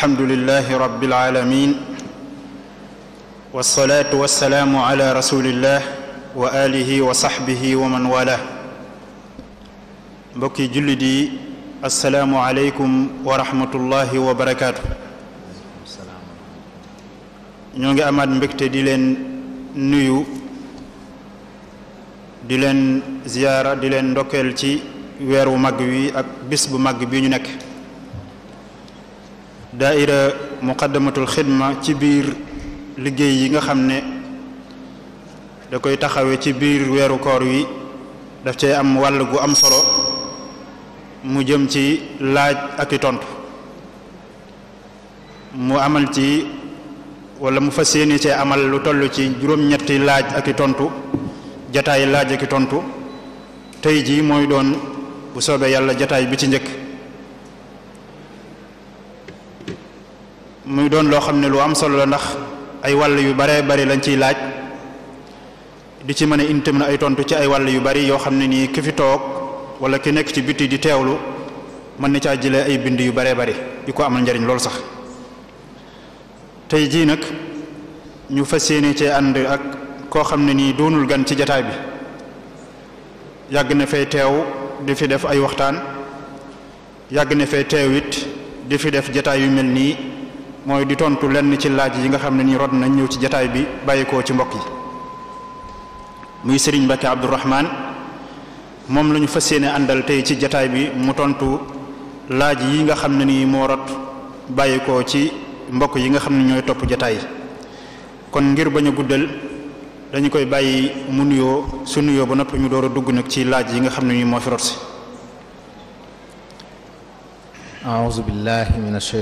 الحمد لله رب العالمين والصلاة والسلام على رسول الله وآله وصحبه ومن والاه بكي جلدي السلام عليكم ورحمة الله وبركاته نيونغي أماد مبكت ديلن نيو ديلن زيارة ديلن دوكيل تي ويرو مغوي بسب مغوي نيونك نيونك daaira muqaddamatul xidma ci biir liggéey yi nga xam ne da koy taxawe ci biir weeru koor wi daf cay am wàll gu am solo mu jëm ci laaj ak i tontu mu amal ci wala mu fas yéene cee amal lu toll ci juróom-ñetti laaj ak i tontu jataay laaj ak i tontu tey jii mooy doon bu soobee yàlla jataay bi ci njëkk muy doon loo xam lu am solo la ndax ay wal yu bare bare lañ ci laaj di ci mën intim na ay tontu ci ay wal yu bare yo xamne ni ki fi tok wala ki nek ci biti di tewlu man ni ca jilé ay bind yu bare bare iko amal ndariñ loolu sax tay ji nak ñu fassiyene ci ànd ak ko xamne ni doonul gan ci jotaay bi yag na fay tew di fi def ay waxtaan yag na fay tewit di fi def jotaay yu melni mooy di tontu lenn ci laaj yi nga xam ne nii rodd nañ ñëw ci jataay bi bàyyikoo ci mbokk yi muy Serigne Mbacké Abdourahmane moom lañu ñu fas yéene àndal tey ci jataay bi mu tontu laaj yi nga xam ne nii moo rot bàyyikoo ci mbokk yi nga xam ne ñooy topp jataay kon ngir bañ a guddal dañu koy bàyyi mu nuyoo su nuyoo ba noppi ñu door a dugg nag ci laaj yi nga xam ne nii moo fi rot si a'udhu billahi minash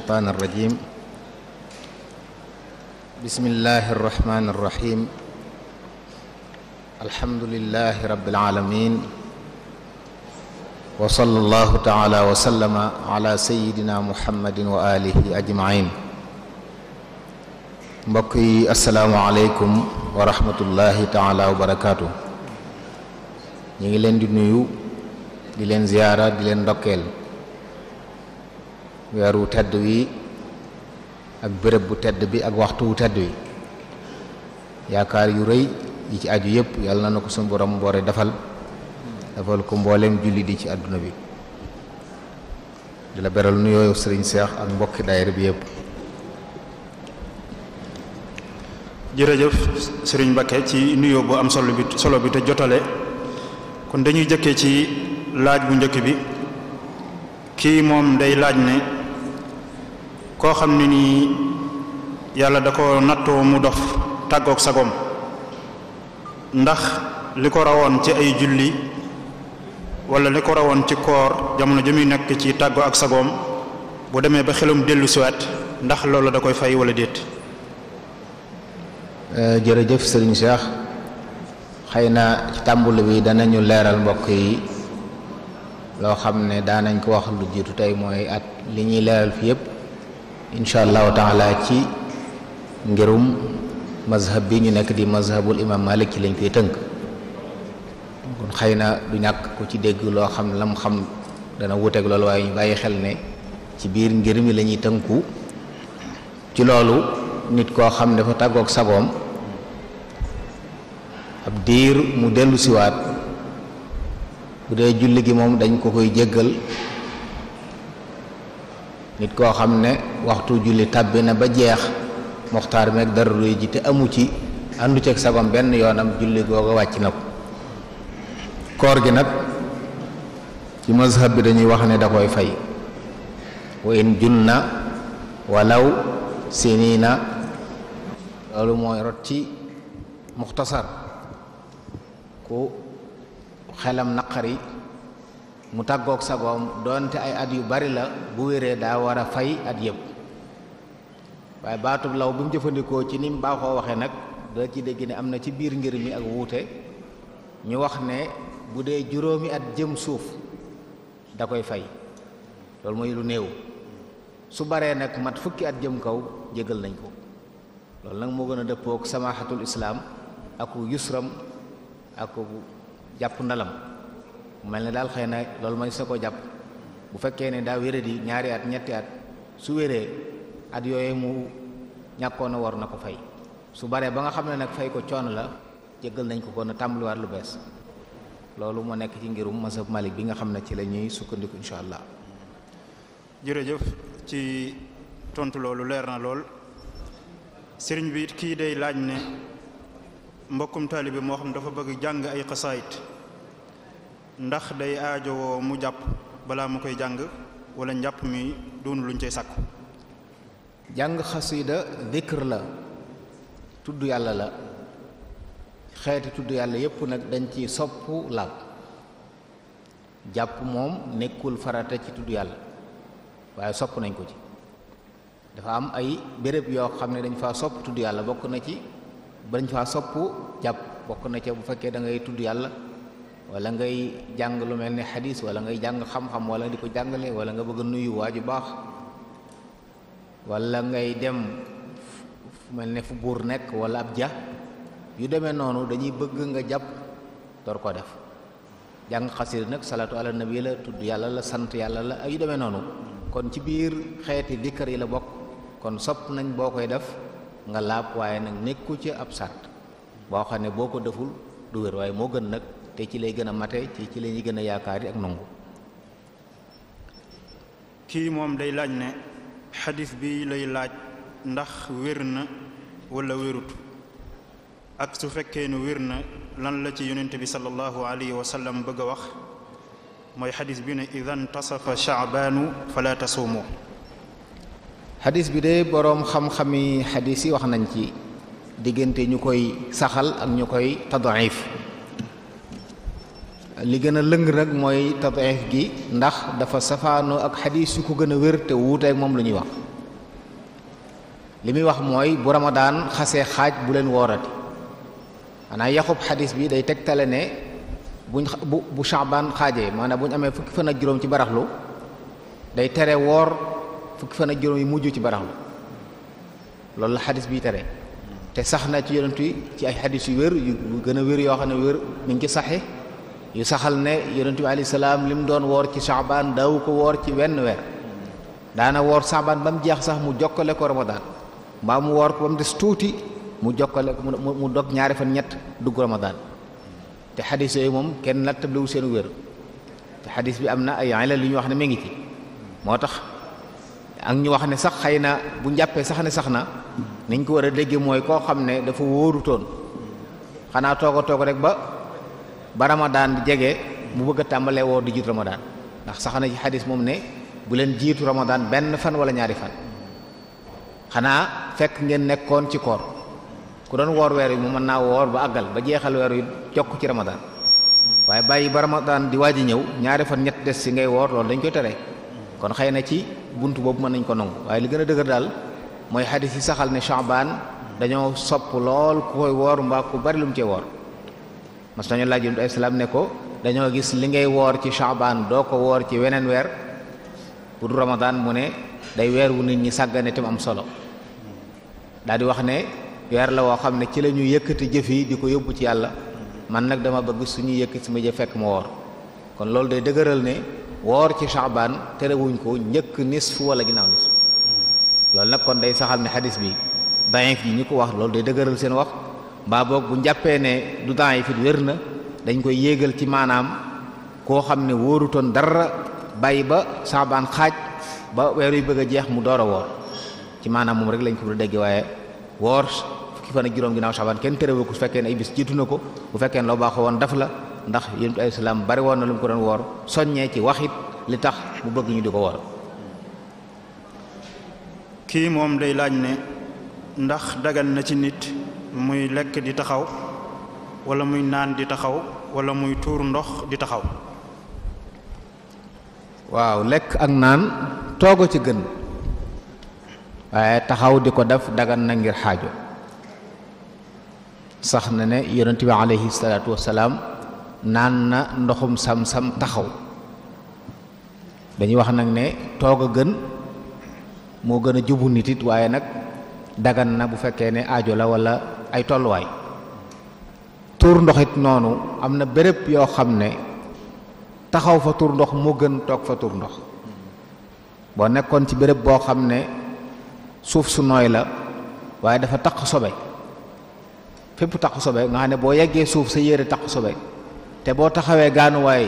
بسم الله الرحمن الرحيم الحمد لله رب العالمين وصلى الله تعالى وسلم على سيدنا محمد وآله أجمعين بقي السلام عليكم ورحمة الله تعالى وبركاته نجلن دنيو دلن زيارة دلن دكيل ويارو تدوي ak bërëb bu tedd bi ak waxtu wu tedd wi yaakaar yu rëy yi ci aju yëpp yàlla na na ko suñu borom mboore defal defal ko mbooleem julli di ci àdduna bi di beral nuyoo sëriñ Seex ak mbokki daayira bi yëpp jërëjëf sëriñ Mbakke ci nuyoo bu am solo bi solo bi te jotale kon dañuy jëkke ci laaj bu njëkk bi kii moom day laaj ne koo xam ne nii yàlla da ko nattoo mu dof tàggoog sagoom ndax li ko rawoon ci ay julli wala li ko rawoon ci koor jamono jëmuy nekk ci tàggoo ak sagoom bu demee ba xelum dellu siwaat ndax loolu da koy fay wala déet eh, jërëjëf sëriñ cheikh xëy ci tàmbul bi danañu mbokk yi ko wax lu jiitu tey at li ñuy fi yépp incha allahu taala ci ngirum mazhab bi ñu nekk di mazhabul imam malik ci lañ koy tënk kon xëy na du ñàkk ku ci dégg loo xam lam xam dana wuteeg loolu waaye ñu bàyyi xel ne ci biir ngir mi lañuy tënku ci loolu nit koo xam ne dafa tàggoog sagoom ab diir mu dellu siwaat bu dee julli gi moom dañ ko koy jéggal nit koo xam ne waxtu julli tàbbi na ba jeex muxtaar meeg dara ruy ji te amu ci àndu ceeg sagom benn yoonam julli googa wàcc na ko koor gi nag ci mazhab bi dañuy wax ne da koy fay wa in junna walaw sinina loolu mooy rot ci muxtasar ku xelam naqari mu tàggoog sagoom doonte ay at yu bari la bu wéree daa war a fay at yëpp waaye baatub law bi mu jëfandikoo ci ni mu baaxoo waxee nag da ci dégg ne am na ci biir ngir mi ak wuute ñu wax ne bu dee juróomi at jëm suuf da koy fay loolu mooy lu néew su baree nag mat fukki at jëm kaw jégal nañ ko loolu nag moo gën a dëppook samaaxatul islaam aku yusram aku jàpp ndalam mel ne daal xëy na loolu mooy sa ko jàpp bu fekkee ne daa wéré di ñaari at ñetti at su wéree at yooyu mu ñàkkoon a war na ko fay su baree ba nga xam ne nag fay ko coon la jéggal nañ ko kon tàmbaliwaat lu bees loolu moo nekk ci ngirum masab Malik bi nga xam ne ci la ñuy sukkandiku incha allah. jërëjëf ci tontu loolu leer na lool sëriñ bi kii day laaj ne mbokkum taalibe moo xam dafa bëgg jàng ay xasaayit ndax day aajowoo mu jàpp balaa mu koy jàng wala njàpp mi doonu luñ cay sàkku jàng xasida dhikr la tudd yàlla la xeeti tudd yàlla yépp nag dañ ci sopp laab jàpp moom nekkul farata ci tudd yàlla waaye sopp nañ ko ci dafa am ay béréb yoo xam ne dañ faa sopp tudd yàlla bokk na ci dañ faa sopp jàpp bokk na ca bu fekkee dangay tudd yàlla wala ngay jàng lu mel ni xadis wala ngay jàng xam-xam wala di ko jàngale wala nga bëgg nuyu waa ju baax walla ngay dem fu mel ne fu buur nekk wala ab ja yu demee noonu dañuy bëgg nga jàpp door ko def jàng xasir nag salaatu ala nabi la tudd yàlla la sant yàlla la yu demee noonu kon ci biir xeeti dikkar yi la bokk kon sopp nañ boo koy def nga laab waaye nag nekku ci ab sart boo xam ne boo ko deful du wér waaye moo gën nag te ci lay gëna mate ci ci lay gëna yaakaari ak nangu ki mom day laaj ne hadith bi lay laaj ndax wërna wala wérut ak su fekké nu wërna lan la ci yonent bi sallallahu alayhi wa sallam bëgg wax moy hadith bi ne idhan tasafa shaabaanu fala tasumu hadith bi de borom xam-xami xadis yi wax nañ ci digënté ñukoy saxal ak ñukoy koy tadaif li gën a lëng nag mooy tadif gi ndax dafa safaanoo ak xadiis yu ko gën a wér te wuuteeg moom lu ñuy wax li muy wax mooy bu ramadaan xasee xaaj bu leen woorati xanaa yaxub xadiis bi day tegtale ne buñ bu bu Shaaban xaajee maanaam bu ñu amee fukki fan ak juróom ci baraxlu day tere woor fukki fan ak juróom yi mujj ci baraxlu loolu la xadiis bi tere te sax na ci yonent yi ci ay xadiis yu wér yu gën a wér yoo xam ne wér mi ngi saxe yu saxal ne yonent ti alayhi salaam li mu doon woor ci Shaaban daawu ko woor ci wenn weer daana woor Shaaban ba mu jeex sax mu jokkale ko Ramadan mbaa mu woor ko ba mu des tuuti mu jokkale ko mu dog ñaari fan ñett dugg Ramadan te xadis yooyu moom kenn natt nattablewul seenu wér te xadis bi am na ay ilal lu ñu wax ne mi ngi ci moo tax ak ñu wax ne sax xëy na bu njàppee sax ne sax na niñ ko war a dégge mooy koo xam ne dafa wóorutoon xanaa toog toog rek ba. ba ramadaan jege mu bëgg a tàmbalee woor di jiitu ramadaan ndax sax na ci xadis moom ne bu leen jiitu ramadaan benn fan wala ñaari fan xanaa fekk ngeen nekkoon ci koor ku doon woor weer wi mu mën naa woor ba àggal ba jeexal weer wi jokk ci ramadaan waaye bàyyi ba ramadaan di waaj ñëw ñaari fan ñett des si ngay woor loolu dañ ko tere kon xëy na ci bunt boobu mën nañ ko nangu waaye li gën a dëgër daal mooy xadis yi saxal ne Shaaban dañoo sopp lool ku koy woor ku bari lu mu cee woor mas nañu laaj Yonent bi salaam ne ko dañoo gis li ngay woor ci Shaaban doo ko woor ci weneen weer pour Ramadan mu ne day weer wu nit ñi sàggane te mu am solo daal di wax ne weer la woo xam ne ci la ñuy yëkkati jëf yi di ko yóbbu ci yàlla man nag dama bëgg suñuy yëkkati sama jëf fekk ma woor kon loolu day dëgëral ne woor ci Shaaban terewuñ ko njëkk nisfu wala ginnaaw nisfu hmm. loolu nag kon day saxal ne xadis bi daif yi ñu ko wax loolu day dëgëral seen mbaa boog bu jàppee ne du temps yi fi wér na dañ koy yéegal ci maanaam koo xam ne wóorutoon dara bàyyi ba saabaan xaaj ba weer yu bëgg a jeex mu door a woor ci maanaam moom rek lañ ko mën a dégg waaye woor fukki fan ak juróom ginaaw saabaan kenn terewu ko su fekkee ne ay bis jiitu na ko bu fekkee ne loo woon ndax ay salaam bari woon na lu ko doon woor soññee ci waxit li tax mu bëgg ñu di ko woor kii day laaj ne ndax dagan na ci nit muy lekk di taxaw walla muy naan di taxaw walla muy tuur ndox di taxaw waaw lekk ak naan toogo ci gën waaye taxaw di ko def dagan na ngir xaajo sax na ne yonent bi aleyhi salaatu wasalaam naan na ndoxum sam-sam taxaw dañuy wax nag ne toog gën moo gën a jubu nit it waaye nag dagan na bu fekkee ne aajo la wala ay tolluwaay tuur ndoxit noonu am na bërëb yoo xam ne taxaw fa tuur ndox moo gën toog fa tuur ndox boo nekkoon ci bërëb boo xam ne suuf su nooy la waaye dafa taq sobe fépp taq sobe nga xam ne boo yeggee suuf sa yére taq sobe te boo taxawee gaanuwaay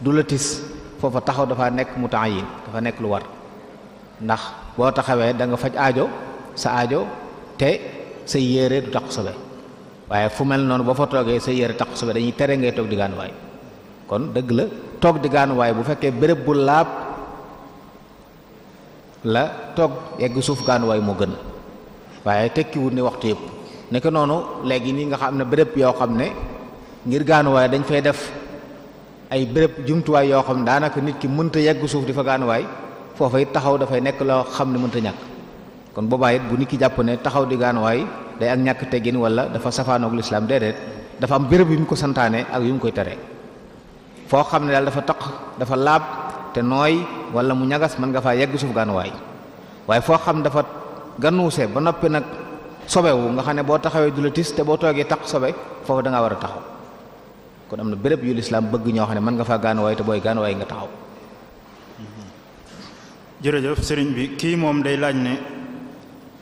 du la tis foofa taxaw dafa nekk mu temps yin dafa nekk lu war ndax boo taxawee da faj aajo sa aajo te sa yére du taq sobe waaye fu mel noonu ba fa toogee sa yére taq sobe dañuy tere ngay toog kon dëgg la toog di gaanuwaay bu fekkee béréb bu laab la toog yegg suuf gaanuwaay moo gën waaye tekkiwut ni waxtu yëpp nekk noonu léegi nii nga xam ne béréb yoo xam ne ngir dañ fay def ay béréb jumtuwaay yoo xam daanaka nit ki mënta yegg suuf di fa gaanuwaay foofa it taxaw dafay nekk loo xam ne mënta ñàkk kon boobaa it bu nit ki jàpp ne taxaw di gaan waay day ak ñàkk teggin wala dafa safaanoog lislaam déedéet dafa am béréb yu mu ko santaane ak yu mu koy tere foo xam ne daal dafa taq dafa laab te nooy wala mu ñagas mën nga faa yegg suuf gaan waay waaye foo xam dafa gannuuse ba noppi nag sobewu nga xam ne boo taxawee du la tis te boo toogee taq sobe foofu da war a taxaw kon am na béréb yu lislaam bëgg ñoo xam ne mën nga faa gaan waay te booy gaan waay nga taxaw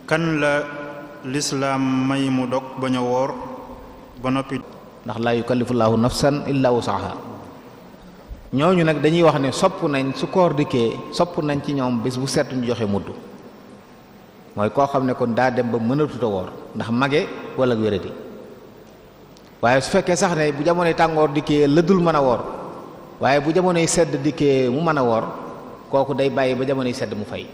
kan la lislaam may mu dog bañ a woor ba noppi ndax laa yukallifullaahu nafsan illaa wusaha ñooñu nag dañuy wax ne sopp nañ su koor dikkee sopp nañ ci ñoom bés bu set ñu joxe mudd mooy koo xam ne kon daa dem ba mënatuta woor ndax mage wala wéradi waaye su fekkee sax ne bu jamonoy tàngoor dikkee dul mën a woor waaye bu jamonoy sedd dikkee mu mën a woor kooku day bàyyi ba jamonoy sedd mu fay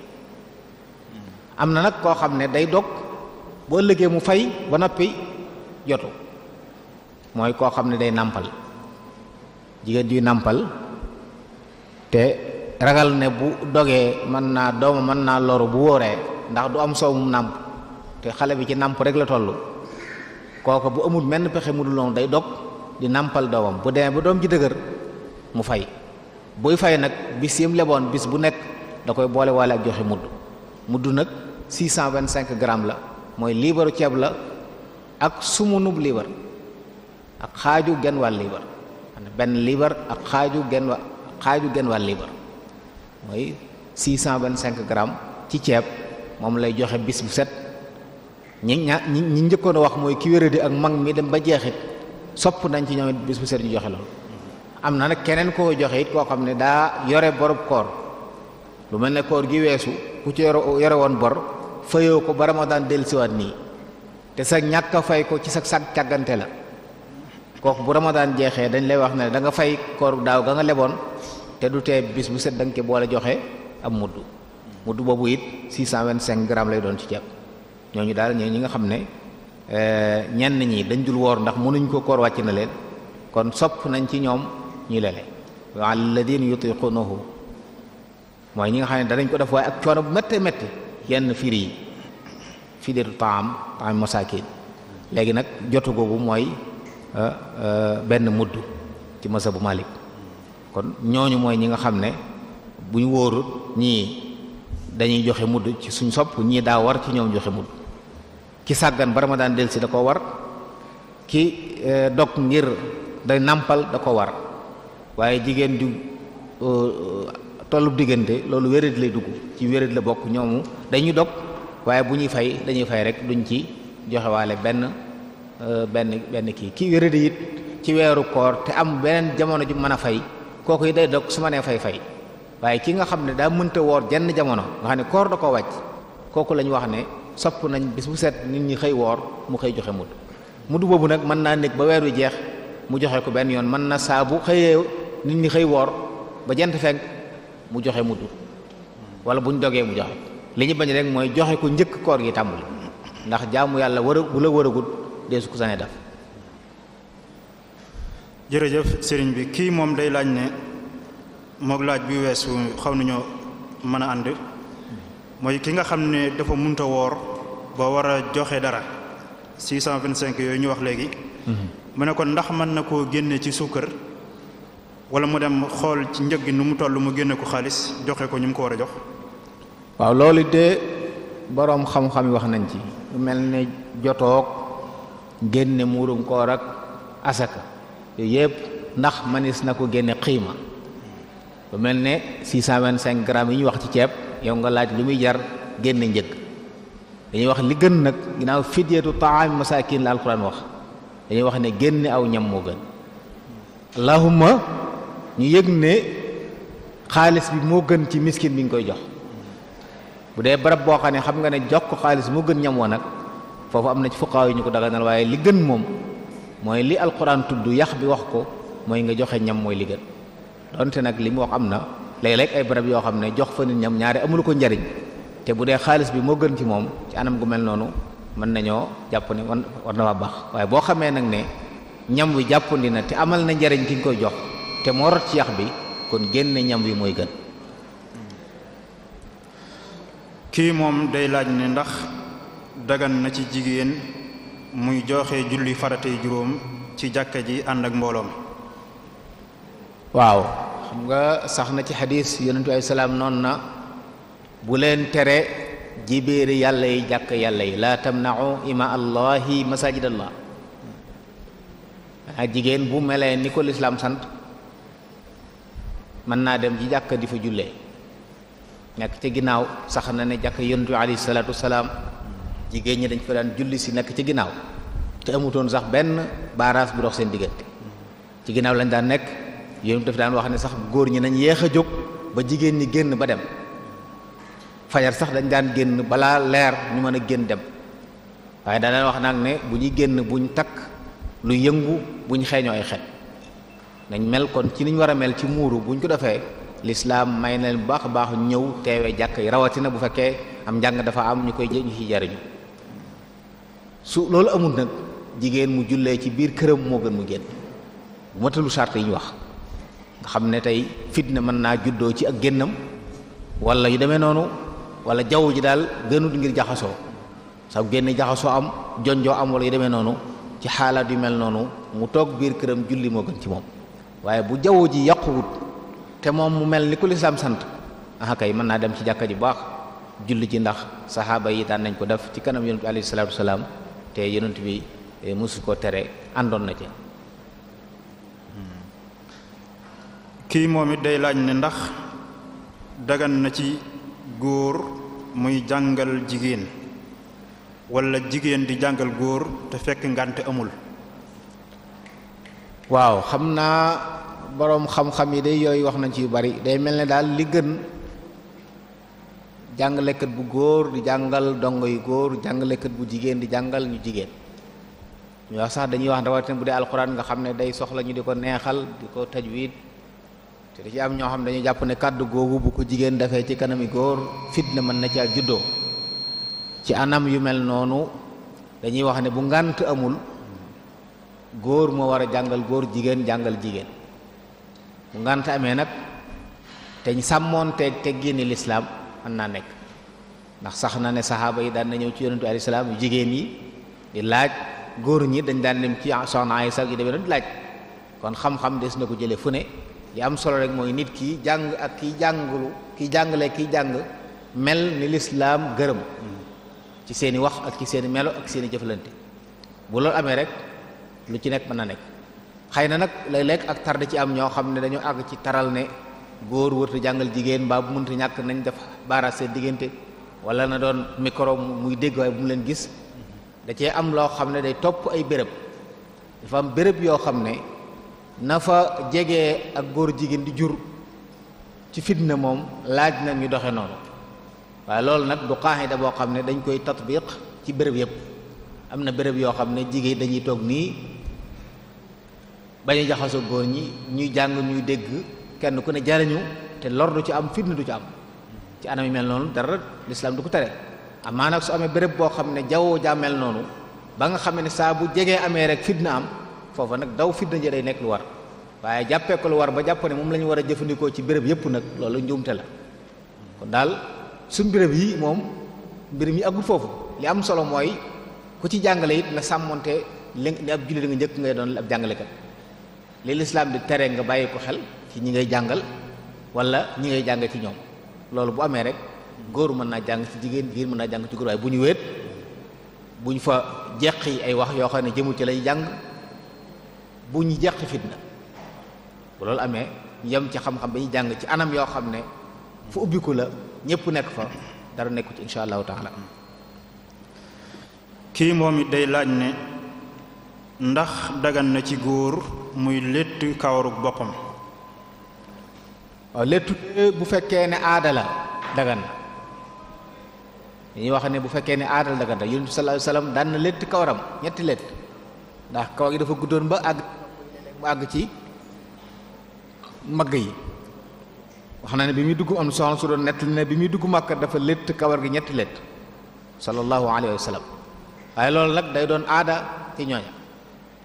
am na nag koo xam ne day dog boo ëllëgee mu fay ba noppi jotu mooy koo xam ne day nàmpal jigéen juy nàmpal te ragal ne bu dogee mën naa dooma mën naa loru bu wóoree ndax du am soow mu nàmp te xale bi ci nàmp rek la toll kooku bu amul menn pexe mu dul noonu day dog di nàmpal doomam bu demee ba doom ji dëgër mu fay buy fay nag bis yim leboon bis bu nekk da koy boole waale ak joxe mudd mudd nag vingt cinq grammes la mooy liibaru ceeb la ak sumunub liibar ak xaaju genn wàll liibar benn liibar ak xaaju genn wa xaaju genn wàll liibar mooy 625 grammes ci ceeb moom lay joxe bis bu set ñi ña ñi ñi njëkkoon a wax mooy ki wéradi ak mag mi dem ba jeexit sopp nañ ci ñoom it bis bu set ñu joxe loolu am na nag keneen koo joxe it koo xam ne daa yore borob koor lu mel ne koor gi weesu ku ci yore woon bor fayoo ko ba ramadaan siwaat nii te sa ñàkk a fay ko ci sa sag càggante la kooku bu ramadaan jeexee dañ lay wax ne da nga fay koor daaw ga nga leboon te du tee bis bu set da nga boole joxe am muddu muddu boobu it 625 grammes lay doon ci ceeb ñooñu daal ñooñu ñi nga xam ne eh, ñenn ñi dañ dul woor ndax mënuñ ko koor wàcc na leen kon sopp nañ ci ñoom ñi lele wa alladina yutiqunahu mooy ñi nga xam ne danañ ko def waaye ak coono bu métte métti yenn firi yi firiiru taam taam masaakin léegi nag jotu googu mooy euh, euh, benn mudd ci masa bu Malik kon ñooñu mooy ñi nga xam ne bu ñu wóorut ñii dañuy joxe mudd ci suñ sopp ñii daa war ci ñoom joxe mudd ki sàggan ba daan delsi da ko war ki euh, dog ngir day nàmpal da ko war waaye jigéen ju tollu diggante loolu wéret lay dugg ci wéret la bokk ñoomu dañuy dog waaye bu ñuy fay dañuy fay rek duñ ci joxewaale benn euh, benn benn kii kii wéret it ci weeru koor te am beneen jamono ju mën a fay kooku yi day dog su ma nee fay fay waaye kii nga xam ne daa mënta woor jenn jamono nga xam ne koor da ko wàcc kooku lañu wax ne sopp nañ bis bu set nit ñi xëy woor mu xëy joxe mut mudu boobu nag mën naa nekk ba weer wi jeex mu joxe ko benn yoon mën na saa bu xëyee nit ñi xëy woor ba jant fenk mu joxe mu dugg wala bu ñu dogee mu joxe li ñu bañ rek mooy joxe ko njëkk koor gi tàmbali ndax jaamu yàlla war a bu la war agul dee su ko sanee def jërëjëf sëriñ bi kii moom day laaj ne moog laaj bi weesu xaw nañoo mën a ànd mooy ki nga xam ne dafa munta woor ba war a joxe dara 625 yooyu ñu wax léegi mm-hmm. mu ne kon ndax mën na koo génne ci suukar wala mu dem xool ci njëg gi nu mu toll mu génne ko xaalis joxe ko ñu mu ko war a jox. waaw loolu de boroom xam-xam yi wax nañ ci lu mel ne jotoog génne muurum koor ak asaka yooyu yëpp ndax manis na ko génne xiima lu mel ne 625 grammes yi ñu wax ci ceeb yow nga laaj lu muy jar génne njëg dañuy wax li gën nag ginnaaw fidyatu taami masaakin la alquran wax dañuy wax ne génne aw ñam moo gën allahumma ñu yëg ne xaalis bi moo gën ci miskin bi nga koy jox bu dee barab boo xam ne xam nga ne jox ko xaalis moo gën ñam woon nag foofu am na ci fuqaaw ñu ko daganal waaye li gën moom mooy li alquran tudd yax bi wax ko mooy nga joxe ñam mooy li gën donte nag li mu wax am na léeg-léeg ay barab yoo xam ne jox fa nit ñam ñaari amul ko njariñ te bu dee xaalis bi moo gën ci moom ci anam gu mel noonu mën nañoo jàpp ne war na baax waaye boo xamee nag ne ñam wi jàppandi na te amal na njariñ ki koy jox te moo ci yax bi kon génne ñam wi mooy gën kii moom day laaj ne ndax dagan na ci jigéen muy joxe julli faratey juróom ci jàkk ji ànd ak mbooloo waaw xam nga sax na ci xadis yonentu ay salaam noonu na bu leen tere jibir yàlla yi jàkk yàlla yi laa tamna'u ima allahi masajid allah jigéen bu melee ni ko lislaam sant mën naa dem ci jàkka di fa jullee nekk ca ginnaaw sax na ne jàkka yontu alayhi salaatu salaam jigéen ñi dañ fa daan julli si nekk ci ginnaaw te amutoon sax benn baaraas bu dox seen diggante ci ginnaaw lañ daan nekk yontu daf daan wax ne sax góor ñi nañ yéex a jóg ba jigéen ñi génn ba dem fajar sax dañ daan génn balaa leer ñu mën a génn dem waaye daan daan wax nag ne bu ñuy génn buñ takk lu yëngu buñ xeeñoo ay xet nañ mel kon ci niñ war a mel ci muuru buñ ko defee lislaam may na bu baax a baax ñëw teewee jàkk yi rawatina bu fekkee am njàng dafa am ñu koy ñu ci jariñu su loolu amul nag jigéen mu jullee ci biir këram moo gën mu génn bu matalu sart yi ñu wax nga xam ne tey fitna mën naa juddoo ci ak génnam walla yu demee noonu wala jaww ji daal gënut ngir jaxasoo sa génn jaxasoo am jonjoo am wala yu demee noonu ci xaalaat yu mel noonu mu toog biir këram julli moo ci moom waaye bu jaww ji yàquwut te moom mu mel ni ku lislaam sant ah kay mën naa dem ci jàkka ji baax julli ji ndax saxaaba yi daan nañ ko def ci kanam yonent bi alayhi salaatu wasalaam te yonent bi e, mosu tere àndoon na ci kii moom it day laaj ne ndax dagan na ci góor muy jàngal jigéen walla jigéen di jàngal góor te fekk ngante amul waaw xam naa boroom xam-xam yi day yooyu wax nañ ci yu bari day mel ne daal li gën jàngalekat bu góor di jàngal dongo yu góor jàngalekat bu jigéen di jàngal ñu jigéen ñu wax sax dañuy wax rawatina bu dee alxuraan nga xam ne day soxla ñu di ko neexal di ko tajwid te da ci am ñoo xam ne dañu jàpp ne kàddu googu bu ko jigéen defee ci kanami góor fitna mën na caa juddoo ci anam yu mel noonu dañuy wax ne bu ngànt amul Gur mo wara jangal jigen jigen jigen. jigen jigéen bu ngànt amee nag te ñu sàmmoonteeg teggini lislaam mën naa nekk ndax sax na né sahaba yi daan na ñew ci yonentu ali sallam jigen yi di laaj goor ñi dañ daan dem ci yi laaj kon xam-xam des na ko jëlé fu ne li am solo rek moy nit ki jang ak ki jangulu ki ki jang mel ni l'islam gërem hmm. ci seeni wax ak ci seeni melo ak seeni jëflante bu lo amé rek lu ci nekk mën na nekk xëy na nag lay léeg ak tarde ci am ñoo xam ne dañoo àgg ci taral ne góor wërta jàngal jigéen mbaa bu mënta ñàkk nañ def baaraas seen diggante wala na doon micro muy dégg waaye bu mu leen gis da cee am loo xam ne day topp ay bërëb dafa am bërëb yoo xam ne na fa jege ak góor jigéen di jur ci fitna moom laaj na ñu doxe noonu waaye loolu nag du qaacida boo xam ne dañ koy tatbiq ci béréb yépp am na béréb yoo xam ne jigéen dañuy toog nii bañu jaxasoo góor ñi ñuy jàng ñuy dégg kenn ku ne jariñu te lor du ci am fitna du ci am ci anam yi mel noonu dara lislaam du ko tere amaa nag su amee béréb boo xam ne jaww jaa noonu ba nga xam ne saa bu jegee amee rek fitna am foofa nag daw fitna ji day nekk lu war waaye jàppee ko lu war ba jàpp ne moom la ñu war a jëfandikoo ci béréb yépp nag loolu njuumte la kon daal suñ béréb yi moom mbir mi agul foofu li am solo mooy ku ci jàngale it na sàmmonte li ab jullit nga njëkk ngay doon ab li lislaam di tere nga bàyyi ko xel ci ñi ngay jàngal wala ñi ngay jàng ci ñoom loolu bu amee rek góor mën naa jàng ci jigéen jigéen mën naa jàng ci góor bu ñu wéet bu ñu fa jeqi ay wax yoo xam ne jëmu ci lay jàng bu ñu jeqi fitna bu loolu amee ñu yem ci xam-xam bi ñu jàng ci anam yoo xam ne fu ubbiku la ñëpp nekk fa dara nekku ci insha allahu taala kii moom it day laaj ne ndax dagan na ci goor muy lettu kawruk bopam waaw kene bu fekke ne ini dagan ni wax ne bu fekke ne aada dagan da yunus sallallahu Alaihi wasallam dan lettu kawram kawaram ñetti lett ndax kaw gi dafa guddon ba ag ag ci magay wax na ne bi mi dugg am sohna su doon nettali ne bi mi dugg makka dafa lettu kawar gi ñetti lett sallallahu Alaihi wasallam ay lol nak day doon ada ci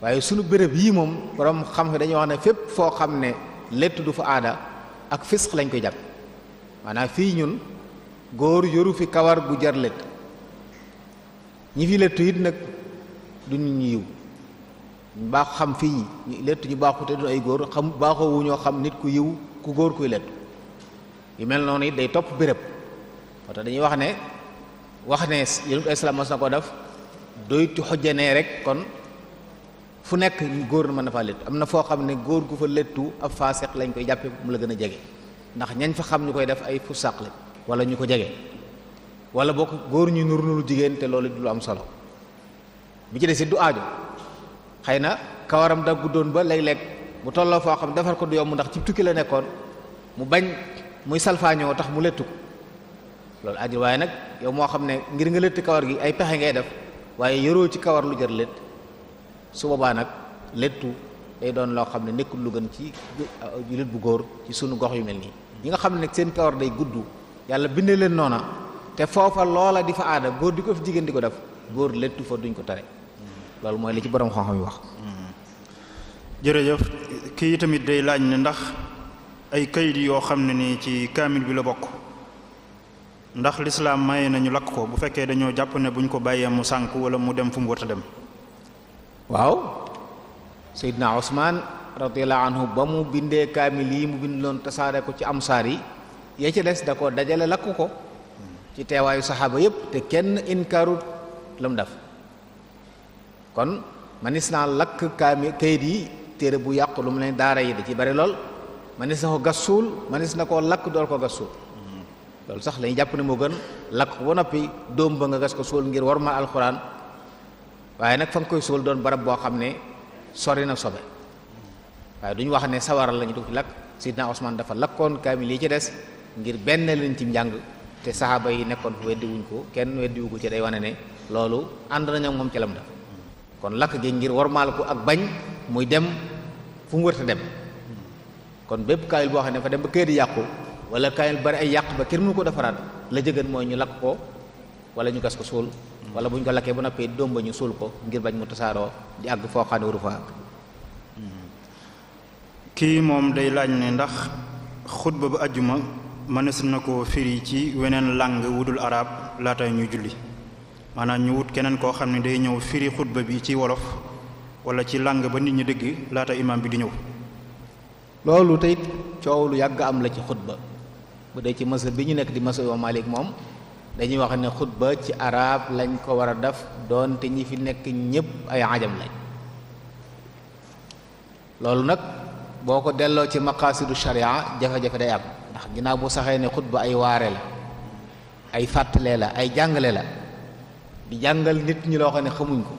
waaye sunu bërëb yii moom borom xam nga dañuy wax ne fépp foo xam ne létt du fa aada ak fisq lañ koy jàpp maanaam fii ñun góor yoru fi kawar gu jar létt ñi fi léttu it nag du ñu yiw ñu baax xam fii létt ñu baaxute du ay góor xam baaxoo wu ñoo xam nit ku yiw ku góor kuy léttu yu mel noonu it day topp béréb wata dañuy wax ne wax ne yonent ay salaam mas na ko def doytu xojjanee rek kon fu nek goor man fa faa amna fo xamne goor ne gu fa léttu ab fasikh lañ koy jappé mu la gëna jégé ndax ñañ fa xam ñukoy def ay fusaq la wala ñuko jégé wala bok goor ñu nur nuru jigéen té loolu du am solo bi ci du aaju xeyna kawaram da guddoon ba léeg-léeg mu tollo fo xam defar ko du yom ndax ci tukki la nekkon mu bañ muy ñoo tax mu léttu loolu aajo waaye yow mo xamne ngir nga létt kawar gi ay pexé ngay def waye yoro ci kawar lu jër su boobaa nag léttu day doon loo xam ne nekkul lu gën ci jullit bu góor ci sunu gox yu mel nii ñi nga xam ne nag seen kawar day gudd yàlla bind leen noona te foofa loola di fa aada góor di ko fi jigéen di ko def góor léttu fa duñ ko tare loolu mooy li ci borom xam-xam wax. jërëjëf kii tamit day laaj ne ndax ay kayit yoo xam ne nii ci kaamil bi la bokk ndax lislaam maye nañu lakk ko bu fekkee dañoo jàpp ne bu buñ ko bàyyee mu sànk wala mu dem fu mu war dem. Wow, sayyidina Osman. radiyallahu anhu bamu binde bindee yi mu bind lon tasare ko ci amsari ya ci dess dako dajale lakko ko ci teewaayu sahaba yeb te kenn inkaru lam daf kon manisna lak kamil kaami tere bu yaq lu mu daara yi ci bari lol manisna ko gasul manisna ko lak koo ko gasul hmm. lol sax lay japp ne mo gën lak wonapi nga gas ko sol ngir warma alquran waaye nag fa nga koy suul doon barab boo xam ne sori na sobe waaye duñu wax ne sawara la ñu dugg lakk sidna Usmaan dafa lakkoon kaamil yi ci des ngir benn leen ci njàng te saxaaba yi nekkoon fu weddi ko kenn weddi wu ko ci day wane ne loolu ànd nañu moom ci lam kon lakk gi ngir warmaal ko ak bañ muy dem fu mu wërta dem kon bépp kaamil boo xam ne fa dem ba kër di yàqu wala kaamil bari ay yàq ba kenn mënu ko defaraat la jëgën mooy ñu lakk ko wala ñu gas ko suul wala bu ñu ko lakkee bu noppee dóom ba ñu suul ko ngir bañ mu tasaaroo di àgg foo xam ne kii moom day laaj ne ndax xutba bu ajjuma mënees na ko firi ci weneen langue wudul arab laata ñuy julli maanaam ñu wut keneen koo xam ne day ñëw firi xutba bi ci wolof wala ci langue ba nit ñi dégg laata imaam bi di ñëw loolu tey coow lu yàgg am la ci xutba bu dee ci masa bi ñu nekk di masa yoo moom dañuy wax ne xutba ci araab lañ ko war a def doonte ñi fi nekk ñépp ay ajam lañ loolu nag boo ko delloo ci maqaasidu sharia jafe-jafe day am ndax ginnaaw bu saxee ne xutba ay waare la ay fàttale la ay jàngale la di jàngal nit ñi loo xam ne xamuñ ko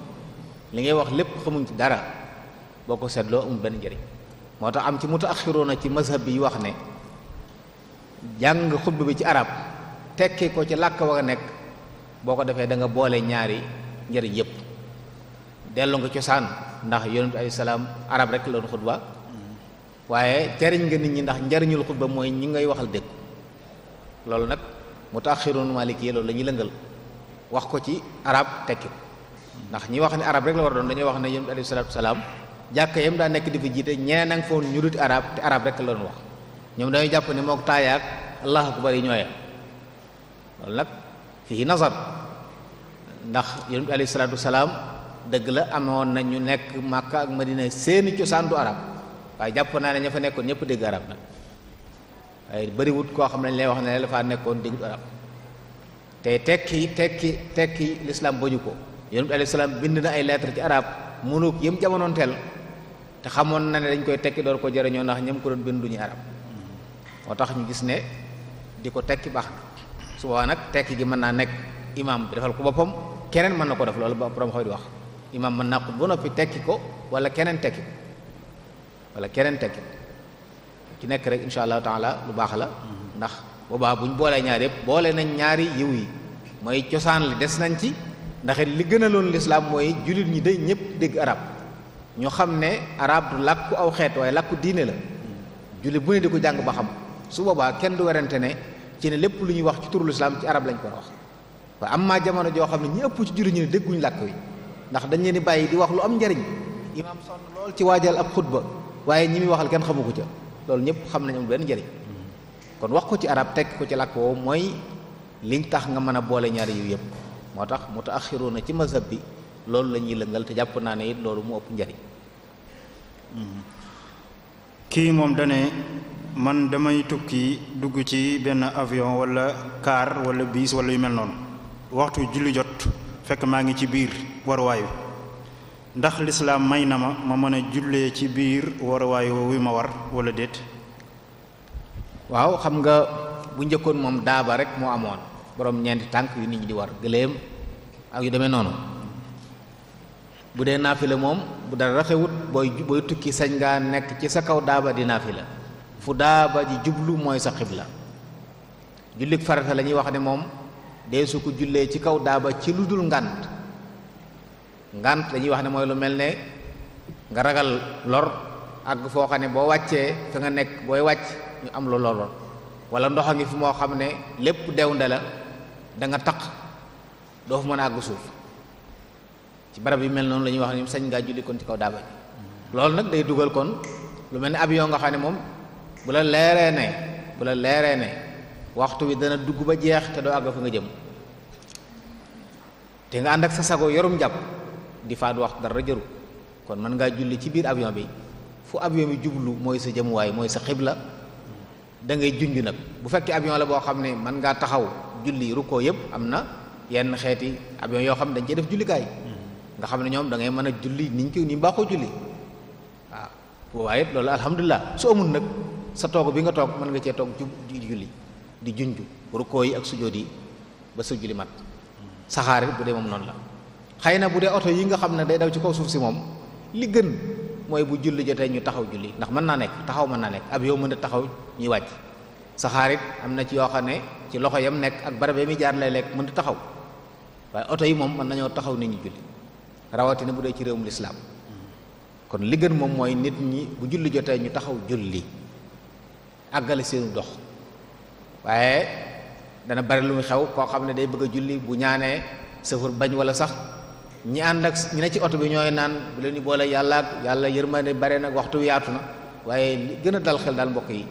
li ngay wax lépp xamuñ ci dara boo ko seetloo amul benn njëriñ moo tax am ci na ci mazhab bi wax ne jàng xutba bi ci arab tekki ko ci làkk war a nekk boo ko defee da nga boole ñaari njëriñ yëpp dellu nga cosaan ndax yonentu alayhi salaam arab rek la doon xutba waaye jariñ nga nit ñi ndax njariñul xutba mooy ñi ngay waxal dégg loolu nag mutaaxirun maliki loolu la ñuy lëngal wax ko ci arab tekki ko ndax ñi wax ne arab rek la war a doon dañuy wax ne yonentu alayhi salaatu salaam jàkka daa nekk di fi jiite ñeneen a nga foon arab te arab rekk la doon wax ñoom dañuy jàpp ne mook taayaak allah akbar bari ñooyam loolu nag fii nazar ndax yonent bi alayhi salaatu dëgg la amoon na ñu nekk Màkka ak Madina seeni cosaan du arab waaye jàpp naa ne ña fa nekkoon ñëpp dégg arab na waaye koo xam ne lay wax ne dafaa nekkoon déggut arab te tekki tekki tekki lislaam bañu ko yonent bi alayhi salaam bind na ay lettre ci araab mënuuk yëm jamonoon teel te xamoon na ne dañ koy tekki door ko jëriñoo ndax ñam ko doon bind duñu arab moo tax ñu gis ne di ko tekki baax su nag tekki gi mën naa nekk imaam bi defal ko boppam keneen mën na ko def loolu ba borom xooy di wax imaam mën naa ko ba noppi tekki ko wala keneen tekki ko wala keneen tekki ko ci nekk rek insha allahu taala lu baax la mhm. ndax boobaa buñ boolee ñaar yëpp boole nañ ñaari yiw yi mooy cosaan li des nañ ci ndaxit li gën a loon lislaam mooy jullit ñi de ñëpp dégg arab ñu xam ne arab du làkku aw xeet waaye làkku diine la mhm. jullit bu ko jàng ba su boobaa kenn du werante ne ci ne lépp lu ñuy wax ci turu lislaam ci arab lañ ko wax am amma jamono joo xam ne ñi ëpp ci jullit ñi ne dégguñu làkk wi ndax dañ leen di bàyyi di wax lu am njariñ imaam sonn lool ci waajal ab xutba waaye ñi muy waxal kenn xamu ko ca loolu ñëpp xam nañ amul benn njariñ kon wax ko ci arab tekk ko ci làkk woowu mooy liñ tax nga mën a boole ñaari yu yëpp moo tax tax na ci mazhab bi loolu lañuy ñuy lëngal te jàpp naa ne it loolu mu ëpp njariñ kii man damay tukki dugg ci benn avion walla car wala biis wala yu mel noonu waxtu julli jot fekk maa ngi ci biir waruwaayu ndax lislaam may na ma ma mën a jullee ci biir waruwaayu wi ma war walla déet waaw xam nga bu njëkkoon moom daaba rek moo amoon borom ñeenti tànk yu nit ñi di war gëléem ak yu demee noonu bu dee naafila moom bu dara raxewut booy booy tukki sañ ngaa nekk ci sa kaw daaba di naafila fu daaba ji jublu mooy sa xibla jullik farata la ñuy wax ne moom dee su ko jullee ci kaw daaba ci lu dul ngànt ngànt dañuy wax ne mooy lu mel ne nga ragal lor ak foo xam ne boo wàccee fa nga nekk booy wàcc ñu am lu lor wala ndox a ngi fi moo xam ne lépp dewnde la danga nga taq doo fa mën a àgg suuf ci barab yi mel noonu la ñuy wax ne sañ ngaa julli kon ci kaw daaba ji loolu nag day dugal kon lu mel ne avion nga xam ne moom bu la leeree ne bu la leeree ne waxtu wi dana dugg ba jeex te do àgg fa nga jëm te nga sa yorum japp di faatu waxtu dara jëru kon man nga julli ci biir avion bi fu avion bi jublu moy sa way moy sa qibla da ngay junj nak bu fekke avion la bo xam man nga taxaw julli rukkoo yëpp am na yenn xeeti avion yo xam dañ ci def jullikaay nga xam ñom da ngay mëna julli niñ ci ni julli waaye lolou alhamdullah so amul nak sa toog bi nga tok man nga cee toog di julli di junju rukkoo yi ak sujodi ba sa julli mat saxaar bu dee moom la xëy na bu dee oto yi nga xam day daw ci kaw suuf ci mom li gën moy bu julli jotee ñu taxaw julli ndax man na nek taxaw man na nek ab yow mëna taxaw ñi wacc amna ci yo ci loxo yam nek ak barab mi jaar lay lek mëna taxaw way auto yi mom man nañu taxaw ni ñu julli bu ci kon li gën mom moy nit ñi bu julli jotee ñu taxaw julli àggale seenu dox waaye dana bari lu mu xew koo xam ne day bëgg a julli bu ñaanee sëfur bañ wala sax ñi ànd ak ñi ne ci oto bi ñooy naan bu leen di boole yàlla ak yàlla yërmande bare nag waxtu yaatu na waaye gën a dal xel daal mbokk yi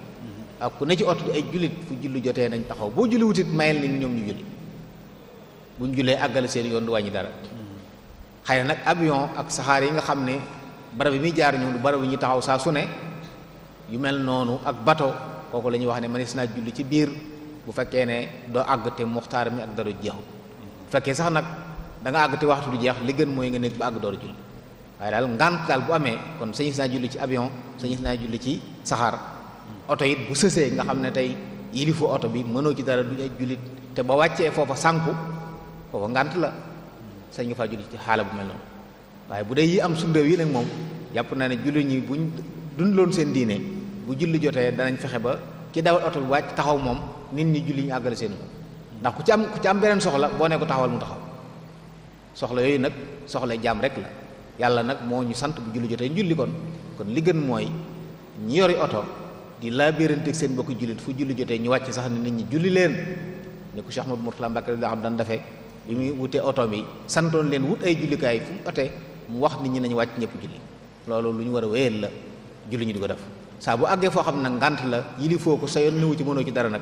ak ku ne ci oto bi ay jullit fu julli jotee nañ taxaw boo julli wutit mayel ni ñoom ñu julli buñ jullee àggale seen yoon du wàññi dara xëy nag avion ak saxaar yi nga xam ne barab bi muy jaar ñoom lu barab yi taxaw saa su ne yu mel noonu ak bato kooku la ñuy wax ne mënees naa julli ci biir bu fekkee ne doo àgg te muxtaar mi ak dara jeexu bu fekkee sax nag danga nga àgg te waxtu du jeex li gën mooy nga nekk ba àgg door julli waaye daal ngànt daal bu amee kon sañis naa julli ci avion sañis naa julli ci saxaar oto it bu sësee nga xam ne tey yilifu oto bi mënoo ci dara du ay jullit te ba wàccee foofa sànku foofa ngànt la sañ nga faa julli ci xaala bu mel noonu waaye dundaloon seen diine bu julli jotee danañ fexe ba ki dawal oto bi wàcc taxaw moom nit ñi julli ñu àggale seen ko ndax ku ci am ku ci am beneen soxla boo ne taxawal mu taxaw soxla yooyu nag soxla jaam rek la yàlla nag moo ñu sant bu julli jotee julli kon kon li gën mooy ñi yori oto di laabirante ak seen mbokki jullit fu julli jotee ñu wàcc sax ne nit ñi julli leen ne ko Cheikh Ahmadou Mourtala Mbacké la xam daan defee bi muy wutee oto bi santoon leen wut ay jullikaay fu mu otee mu wax nit ñi nañu wàcc ñëpp julli loolu lu ñu war a wéyal la julli ñu di ko def saa bu àggee foo xam ne ngant la yili foo ko sa yoon nëwu ci mënoo ci dara nag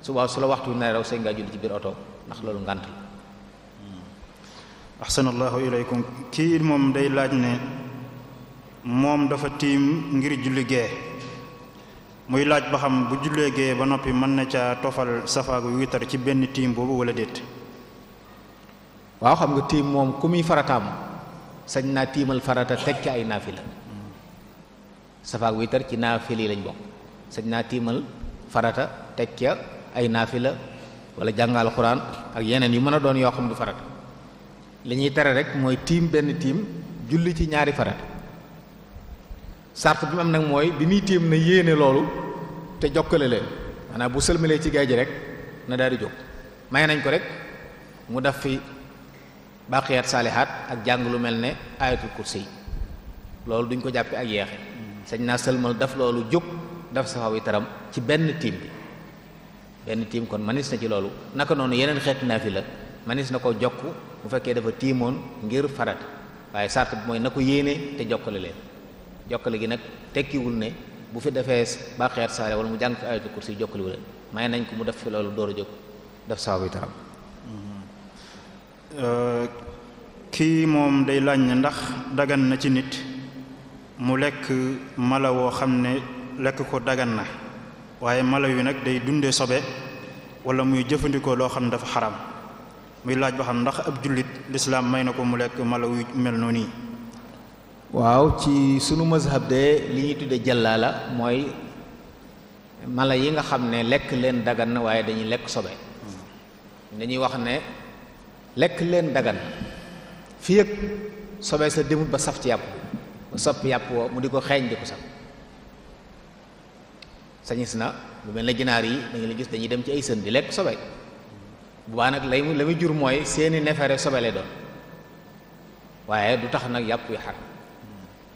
subaa su la waxtu na raw sañ ngaa julli ci biir oto ndax loolu ngànt la ahsanallahu ilaykum kii moom day laaj ne moom dafa tiim ngir julli gee muy laaj ba xam bu jullee gee ba noppi mën na caa tofal safaagu witar ci benn tiim boobu wala déet waaw xam nga tiim moom ku muy farataam sañ naa tiimal farata tekki ay naafila safaak witar ci naafile yi lañ bokk sañ naa tiimal farata teg ca ay naafila wala jàngal xuraan ak yeneen yu mën a doon yoo xam du farata li ñuy tere rek mooy tiim benn tiim julli ci ñaari farata sart bi mu am nag mooy bi muy tiim na yéene loolu te jokkale leen maanaam bu sëlmalee ci gaay ji rek na daal di jóg may nañ ko rek mu def fi baaqiyaat saalihaat ak jàng lu mel ne ayatul kursi loolu duñ ko jàppe ak yeexe sañ naa sëlmal daf loolu jóg daf safaw witaram ci benn tiim bi benn tiim kon manis na ci loolu naka noonu yeneen xeeti xeet naafila manis na ko jokk bu fekkee dafa tiimoon ngir farat waaye sart bi mooy na ko yéene te jokkale leen jokkale gi nag tekkiwul ne bu fi defee baaxeet saare wala mu jàng fi ayatul kursi jokkale wu leen may nañ ko mu def fi loolu door a jóg def safaw witaram mm-hmm. uh, kii moom day laaj ne ndax dagan na ci nit mu lekk mala woo xam ne lekk ko dagan na waaye mala yu nag day dunde sobe wala muy jëfandikoo loo xam ne dafa xaram muy laaj ba xam ndax ab jullit lislaam may na ko mu lekk mala yu mel noonu yi waaw ci sunu mazhab de li ñuy tudde jàllaa la mooy mala yi nga xam ne lekk leen dagan na waaye dañuy lekk sobe dañuy wax ne lekk leen dagan fii ak sobe sa demut ba saf ci yàpp sopp yàpp woo mu di ko xeeñ di ko sax sañis na lu mel ne jinaar yi da nga gis dañuy dem ci ay sën di lekk sobe bu baax nag lay la muy jur mooy seeni nefere sobe lay doon waaye du tax nag yàpp yu xar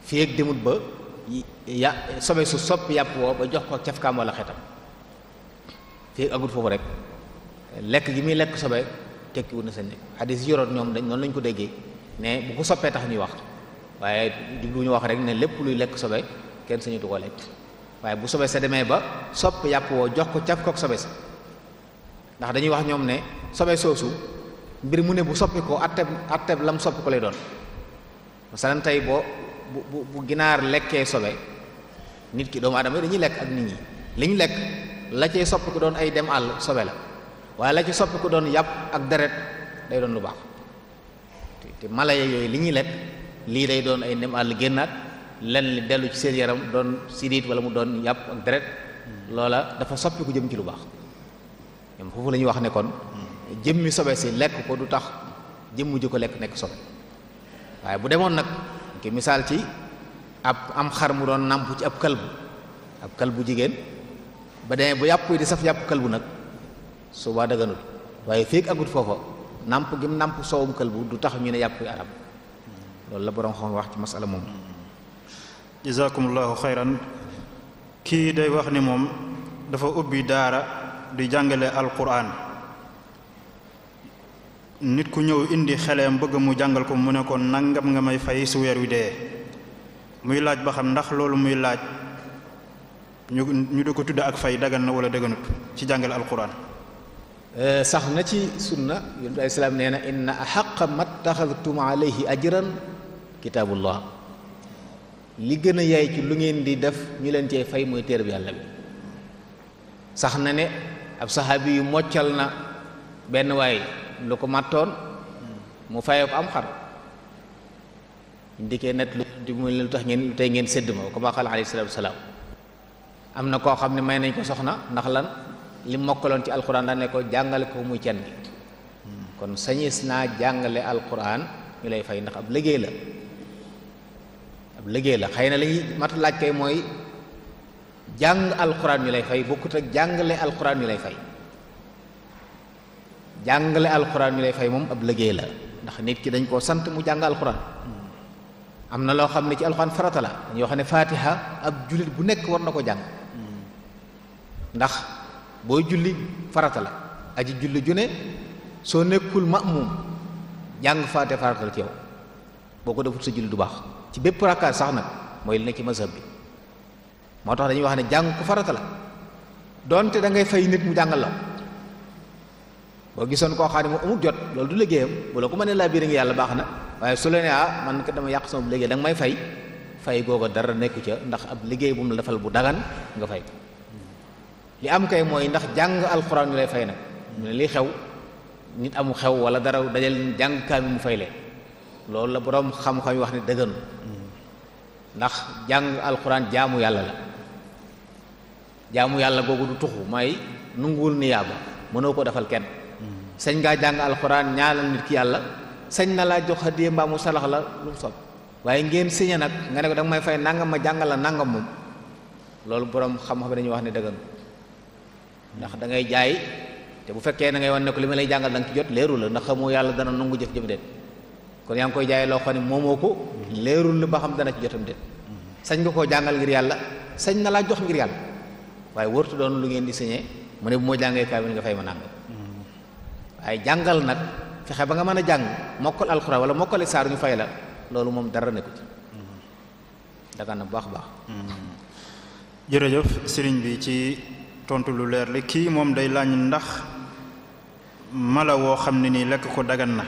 fii ak demut ba ya sobe su sopp yàpp woo ba jox ko cafkaam wala xetam fii agut foofu rek lekk gi muy lekk sobe tekkiwut na sa nekk xadis yoroon ñoom dañ noonu lañ ko déggee ne bu ko soppee tax ñuy wax waaye ñu wax rek ne lépp luy lekk sobe kenn sañutu ko lekk waaye bu sobe sa demee ba sopp yàpp woo jox ko caf sobe sa ndax dañuy wax ñoom ne sobe soosu mbir mu ne bu soppi ko lam soppi ko lay doon masalan tey boo bu ginaar lekkee sobe nit ki doomu aadama dañuy lekk ak nit ñi li lekk la cay soppi doon ay dem àll sobe la waaye la ci soppi ko doon yàpp ak deret day doon lu baax te mala yooyu li ñuy lekk lii day doon ay nem àll génnaat lenn li dellu ci seen yaram doon sidit wala mu doon yàpp ak deret loola dafa soppi ku jëm ci lu baax ñoom foofu la wax nekkoon jëmmi sobe si lekk ko du tax jëmmu ji ko lekk nekk sobe waaye bu demoon nag ki misaal ci ab am xar mu doon nàmp ci ab kalbu ab kalbu jigéen ba demee bu yàpp yi di saf yàpp kalbu nag su baa daganul waaye féeg agut foofa nàmp gi mu nàmp soowum këlbu du tax ñu ne yàpp yi arab loolu la borom xam wax ci masala moom jazakumullahu xayran kii day wax ni moom dafa ubbi daara di jàngale alquran nit ku ñëw indi xeleem bëgg mu jàngal ko mu ne ko nangam nga may fay su weer wi dee muy laaj ba xam ndax loolu muy laaj ñu ñu di ko tudda ak fay dagan na wala daganut ci jàngale alquran eh, sax na ci sunna yonent bi salaam nee na inna axaqa mattaxadtum alayhi ajran kitaabullah li gën a yaay ci lu ngeen di def ñu leen cee fay mooy téereb yàlla bi sax na ne ab saxaabi yu moccal na benn waay lu ko mattoon mu fayee ko am xar ndikee net lu tax ngeen lu tey ngeen sédd ma ko ma xal alayhi am na koo xam ne may nañ ko soxna ndax lan li mokkaloon ci alquran daan ne ko jàngale ko muy cen gi kon sañis naa jàngale alquran ñu lay fay ndax ab liggéey la liggéey la xëy na li mat laaj kay mooy jàng alxuraan ñu lay fay bokkut ak jàngale alxuraan ñu lay fay jàngale alxuraan ñu lay fay moom ab liggéey la ndax nit ki dañ koo sant mu jàng alxuraan am na loo xam ne ci alxuraan farata la dañoo xam ne faatiha ab jullit bu nekk war na ko jàng ndax boo julli farata la aji julli ju ne soo nekkul ma'muum jàng faatiha farata la ci yow boo ko defut sa julli du baax ci bépp rakkaat sax nak moy li ne ci mazhab bi motax dañuy wax ne jang ku farata la donte da ngay fay nit mu jangal la bo gison ko xani mu jot lolou du liggeyam bu la ko mënee biir nga yalla baxna waye su ah man kat dama yak sama liggey da may fay fay gogo dara neeku ci ndax ab liggey bu mu defal bu dagan nga fay li am kay moy ndax jang alquran lay fay nak li xew nit amu xew wala dara dajal jang kam mu fay leen loolu la boroom xam-xam yi wax ne dëgganu ndax jàng alxuraan jaamu yàlla la jaamu yàlla googu du tuxu may nunguwul ni yaago mënoo ko defal kenn sañ ngaa jàng alxuraan ñaanal nit ki yàlla sañ na laa jox hadiya mbaa mu salax la lu mu sob waaye ngeen siñe nag nga ne ko danga may fay nangam ma jàngal la nangam moom loolu boroom xam-xam dañuy wax ne dëgganu ndax da ngay jaay te bu fekkee na ngay wan ne ko li ma lay jàngal da nga ci jot leeru la ndax xamoo yàlla dana nangu jëf jëm kon yang koy jaay lo xone momoko leerul lu ba xam dana ci jotam de sañ nga ko jangal ngir yalla sañ na la jox ngir yalla waye wërtu doon lu ngeen di sañee mune bu mo moo jàngee kaamil nga fay ma nàngam jangal jàngal nag fexe ba nga mëna jang jàng alquran wala mokkali saar ñu fay la lolu mom dara nekku ci daga na baax baax jërëjëf sëriñ bi ci tontu lu leer li ki mom day lañ ndax mala wo xamni ni lek ko dagan na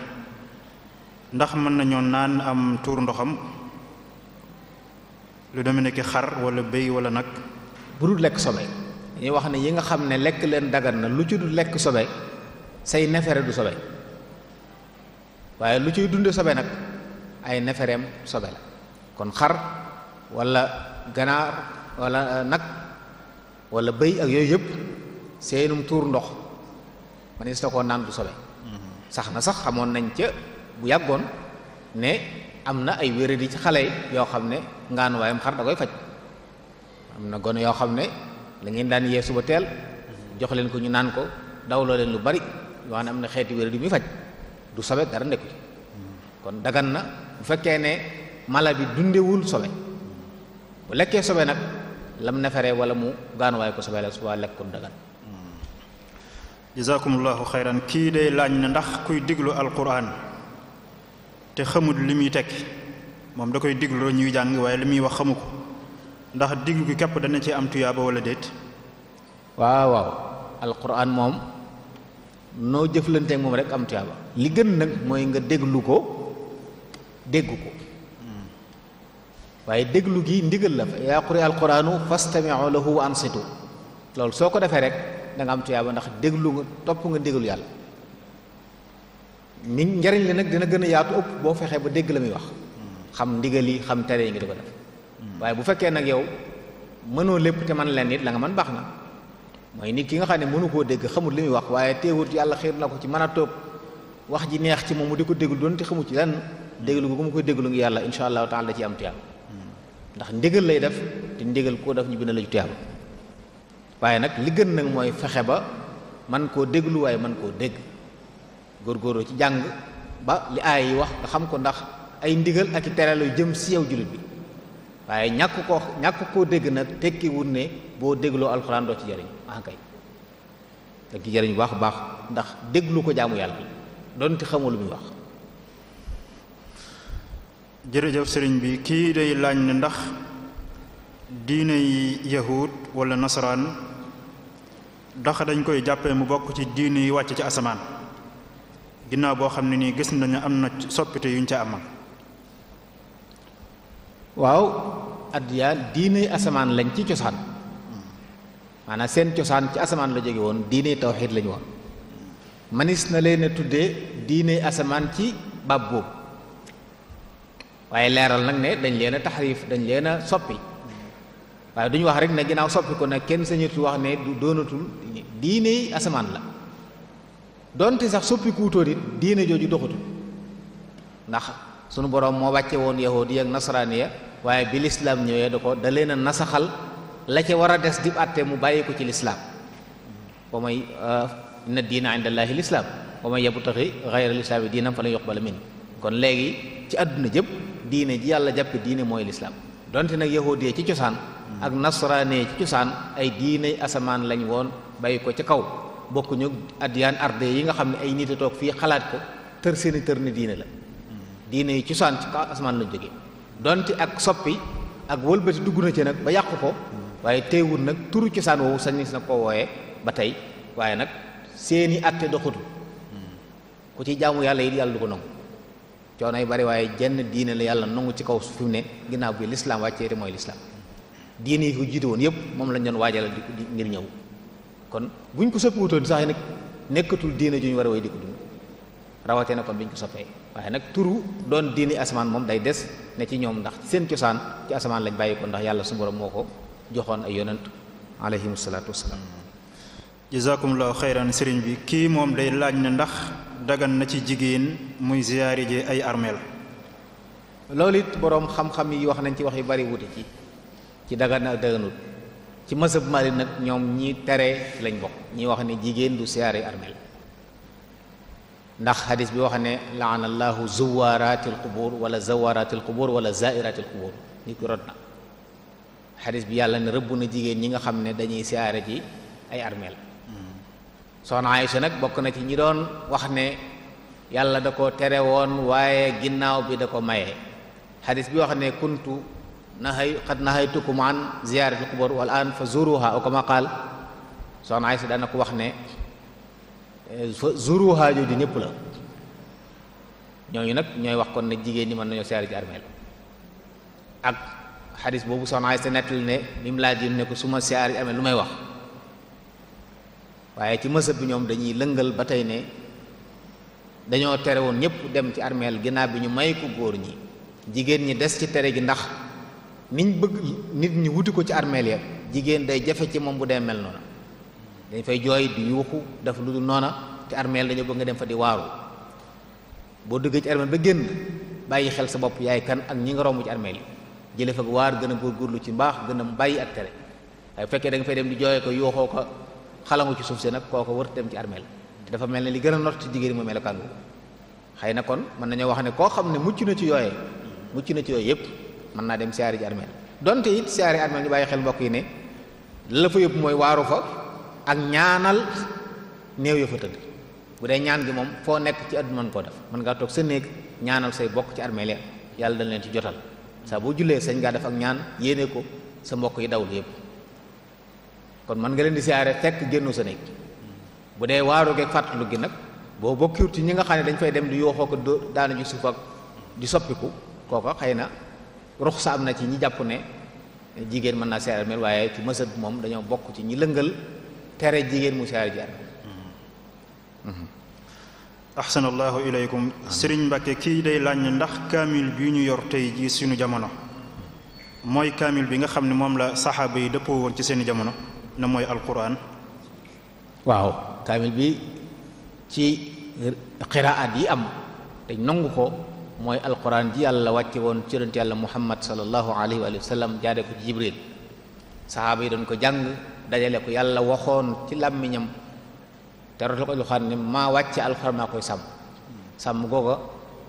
ndax mën nañoo naan am tuur ndoxam lu deme ne ki xar walla béy wala nag bu dul lekk sobe dañuy wax ne yi nga xam ne lekk leen dagan na lu ci du lekk sobe say nefere du sobe waaye lu ciy dunde sobe nag ay nefereem sobe la kon xar walla ganaar wala euh, nag wala béy ak yooyu yëpp seenum tuur ndox manis na koo naan du sobe mm-hmm. sax na sax xamoon nañ ca bu yàggoon ne am na ay wéradi ci xale yoo xam ne ngaanuwaayam xar da koy faj am na gone yoo xam ne la ngeen daan yee suba teel jox leen ko ñu naan ko dawloo leen lu bari wax ne am na xeeti wéradi muy faj du sobe dara nekku ci kon dagan na bu fekkee ne mala bi dundewul sobe bu lekkee sobe nag lam neferee wala mu gaanuwaay ko sobe la suba lekk kon dagan jazakumullahu xayran kii day laaj na ndax kuy diglu alquran te xamul limuy tek mom da koy diglu ñuy jàng waye limuy wax xamuko ndax diglu gi képp dana ci am tuyaaba wala déet waaw waaw alquran mom no noo ak mom rek am tuyaaba li gën nak moy nga déglu ko deggu ko waye déglu gi ndigal la fa yaa quri alquranu fastami'u lahu wa ansitu lol soko defé rek da nga am tuyaaba ndax déglu nga top nga deglu yàlla ni njariñ li nag dina gën a yaatu ëpp boo fexee ba dégg la muy wax xam ndigal yi xam tere yi nga di ko def waaye bu fekkee nag yow mënoo lépp te man leen it la nga mën baax na mooy nit ki nga xam ne mënu koo dégg xamut li muy wax waaye teewut yàlla xëy na ko ci mën a wax ji neex ci moom mu di ko déglu doon te xamu ci lenn déglu ko mu koy déglu ngi yàlla insha allah taala da ci am tuyaaba ndax ndigal lay def te ndigal koo def ñu bind la ju tuyaaba waaye nag li gën nag mooy fexe ba man koo déglu waaye man koo dégg góorgóorloo ci jàng ba li aay yi wax nga xam ko ndax ay ndigal ak i tere jëm si yow jullit bi waaye ñàkk koo ñàkk koo dégg nag tekki ne boo dégloo alxuraan doo ci jariñ ah kay da ci jariñ baax ndax déglu ko jaamu yàlla doonte xamoo lu muy jërëjëf sëriñ bi kii day laañ ne ndax diine yi yahud wala nasaraan ndax dañ koy jàppee mu bokk ci diine yi wàcc ci asamaan ginnaaw boo xam ne nii gis nañu am na soppite yuñ ca amal waaw addiya diine asamaan lañ ci cosaan maanaam seen cosaan ci asamaan la jege woon diine tawxiid lañu woon manis na leen a tuddee diine asamaan ci baab boobu waaye leeral nag ne dañ leen a taxriif dañ leen a soppi waaye duñu wax rek ne ginnaaw soppi ko nag kenn sañatu wax ne du doonatul diine asamaan la donte sax soppi kuutóor it diine jooju doxatul ndax sunu borom moo wàcce woon yahudi ak nasaraaniya waaye bi lislaam ñëwee da ko da leen a nasaxal la ca war a des dib àtte mu bàyyi ko ci lislaam wa may uh, na diina indallaahi lislaam wa may yabtaxi xayra lislaami diinam fa lan yuqbala min kon léegi ci àdduna jëpp diine ji yàlla jàppe diine mooy lislaam donte nag yahudi ci cosaan ak nasaraaniya ci cosaan ay diine asamaan lañu woon bàyyi ko ci kaw bokkuñu addiyaan arde yi nga xam ne ay nit toog fii xalaat ko tër seeni tër ni diine la diine yi cosaan ci kaw asamaan lañ jóge donte ak soppi ak wëlbati dugg na ci nag ba yàqu ko waaye teewul nag turu cosaan woowu sañ na ko wooyee ba tey waaye nag seeni atte doxutu ku ci jaamu yàlla yi yàlla du ko nangu coono yu bari waaye jenn diine la yàlla nangu ci kaw su fi ne ginnaaw bi lislaam wàcceeri mooy lislaam diine yi ko jiite woon yëpp moom lañ doon waajal ngir ñëw kon buñ ko soppiwutoon sax nag nekkatul diina ju ñu war a way di ko dund rawatee na kon biñ ko soppee waaye nag turu doon diini asamaan moom day des ne ci ñoom ndax seen cosaan ci asamaan lañ bàyyi ko ndax yàlla su borom moo ko joxoon ay yonent aleyhim salaatu wasalaam jazakumullahu xeyran sëriñ bi kii moom day laaj na ndax dagan na ci jigéen muy ziyaari ji ay armeel loolu it boroom xam-xam yi wax nañ ci wax yu bari wute ci ci dagan na ci masab Maalik nag ñoom ñi tere lañ bokk ñi wax ne jigéen du siyaare armeel ndax xadis bi wax ne laana allahu zuwaaratil qubur wala zawaaratil qubur wala zairatil qubur nit ki na xadis bi yàlla ne rëbb na jigéen ñi nga xam ne dañuy siyaare ji ay armeel soxna Aysa nag bokk na ci ñi doon wax ne yàlla da ko tere woon waaye ginnaaw bi da ko maye xadis bi wax ne kuntu nahay qad nahaytukum an ziyaaratil qubur wal an fazuruha aw kama qaal soxna Aysa daan na ko wax ne fa zuruha jooju ñëpp la ñooñu nag ñooy wax kon ne jigéen ñi mën nañoo siyaare ji armeel ak xadis boobu soxna Aysa nettali ne bi mu laaj ne ko su ma siyaare ji armeel lu may wax waaye ci mësëb bi ñoom dañuy lëngal ba tey ne dañoo tere woon ñëpp dem ci armeel ginnaaw bi ñu may ko góor ñi jigéen ñi des ci tere gi ndax niñ bëgg nit ñi wuti ko ci armeel ya jigéen day jafe ci moom bu dee mel noona dañ fay jooy di yuuxu def lu dul noona te armeel dañoo bëgg nga dem fa di waaru boo duggee ci armeel ba génn bàyyi xel sa bopp yaay kan ak ñi nga romb ci armeel yi jële fa waar gën a góorgóorlu ci mbaax gën a bàyyi ak tere waaye bu fekkee da nga fay dem di jooyee ko yuuxoo ko xalangu ci suuf si nag koo ko wër dem ci armeel te dafa mel ne li gën a not ci jigéen mu melokaan xëy na kon mën nañoo wax ne koo xam ne mucc na ci yooyee mucc na ci yooyu yëpp mën naa dem siyaare ji armeel donte it siyaare armeel ñu bàyyi xel mbokk yi ne la fa yëpp mooy waaru fa ak ñaanal néew ya fa tëdd bu dee ñaan gi moom foo nekk ci àdduna mën koo def mën nga toog sa néeg ñaanal say bokk ci armeel ya yàlla dañ leen ci jotal saa boo jullee sañ ngaa def ak ñaan yéene ko sa mbokk yi dawul yëpp kon mën nga leen di siyaare fekk génnu sa néeg bu dee waaru geeg fàttalu gi nag boo bokkiwut ci ñi nga xam ne dañ fay dem di yooxoo ko daana ju suuf ak di soppiku kooka xëy na ruxsa am na ci ñi jàpp ne jigéen mën naa seere armeel waaye ci mësëb moom dañoo bokk ci ñi lëngal tere jigéen mu seere ji armeel mm-hmm. ahsanallahu ilaykum sëriñ Mbàkke kii day laaj ndax kaamil bi ñu yor tey jii suñu jamono mooy kaamil bi nga xam ne moom la saxaaba yi dëppoo woon ci seeni jamono na mooy alquran waaw kaamil bi ci xiraat yi am dañ nangu ko mooy alxuraan ji yàlla wàcce woon ci yonent yàlla muhammad sallallahu alayhi wa sallam jaare ko ci jibril saxaaba yi doon ko jàng dajale ko yàlla waxoon ci làmmiñam te rotal ko lu maa wàcce alquran maa koy sàmm sàmm googa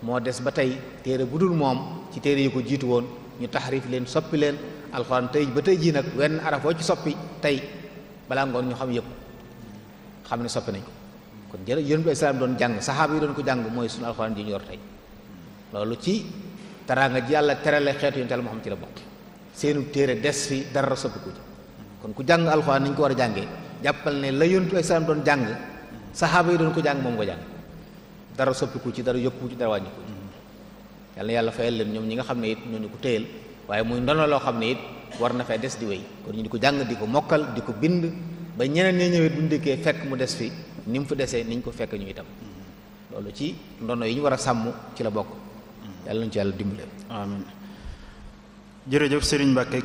moo des ba tey téere bu dul moom ci téere yi ko jiitu woon ñu taxrif leen soppi leen alquran tey ba tey jii nag wenn araf ci soppi tey balaa ngoon ñu xam yëpp xam ne soppi nañ ko kon jërë yonent bi islaam doon jàng saxaaba yi doon ko jàng mooy sunu alquran ji ñu tey loolu ci teraanga ji yàlla terale xeetu yonent yàlla Muhammad ci la bokk seenu téere des fi dara sëpp kon ku jàng alxuraan ni ñu ko war a jàngee jàppal ne la yonent ak salaam doon jàng saxaaba yi doon ko jàng moom nga jàng dara soppiku ci dara yokku ci dara wàññiku yàlla na leen ñoom ñi nga xam ne it ñoo ñu ko téyal waaye muy ndono loo xam ne it war na fay des di wéy kon ñu di ko jàng ko mokkal di ko bind ba ñeneen ñi ñëwee bu ñu fekk mu des fi ni mu fa desee ni ñu ko fekk ñu itam loolu ci ndono yi ñu war a sàmm ci la bokk yàlla nañu ci yàlla dimbale amiin jërëjëf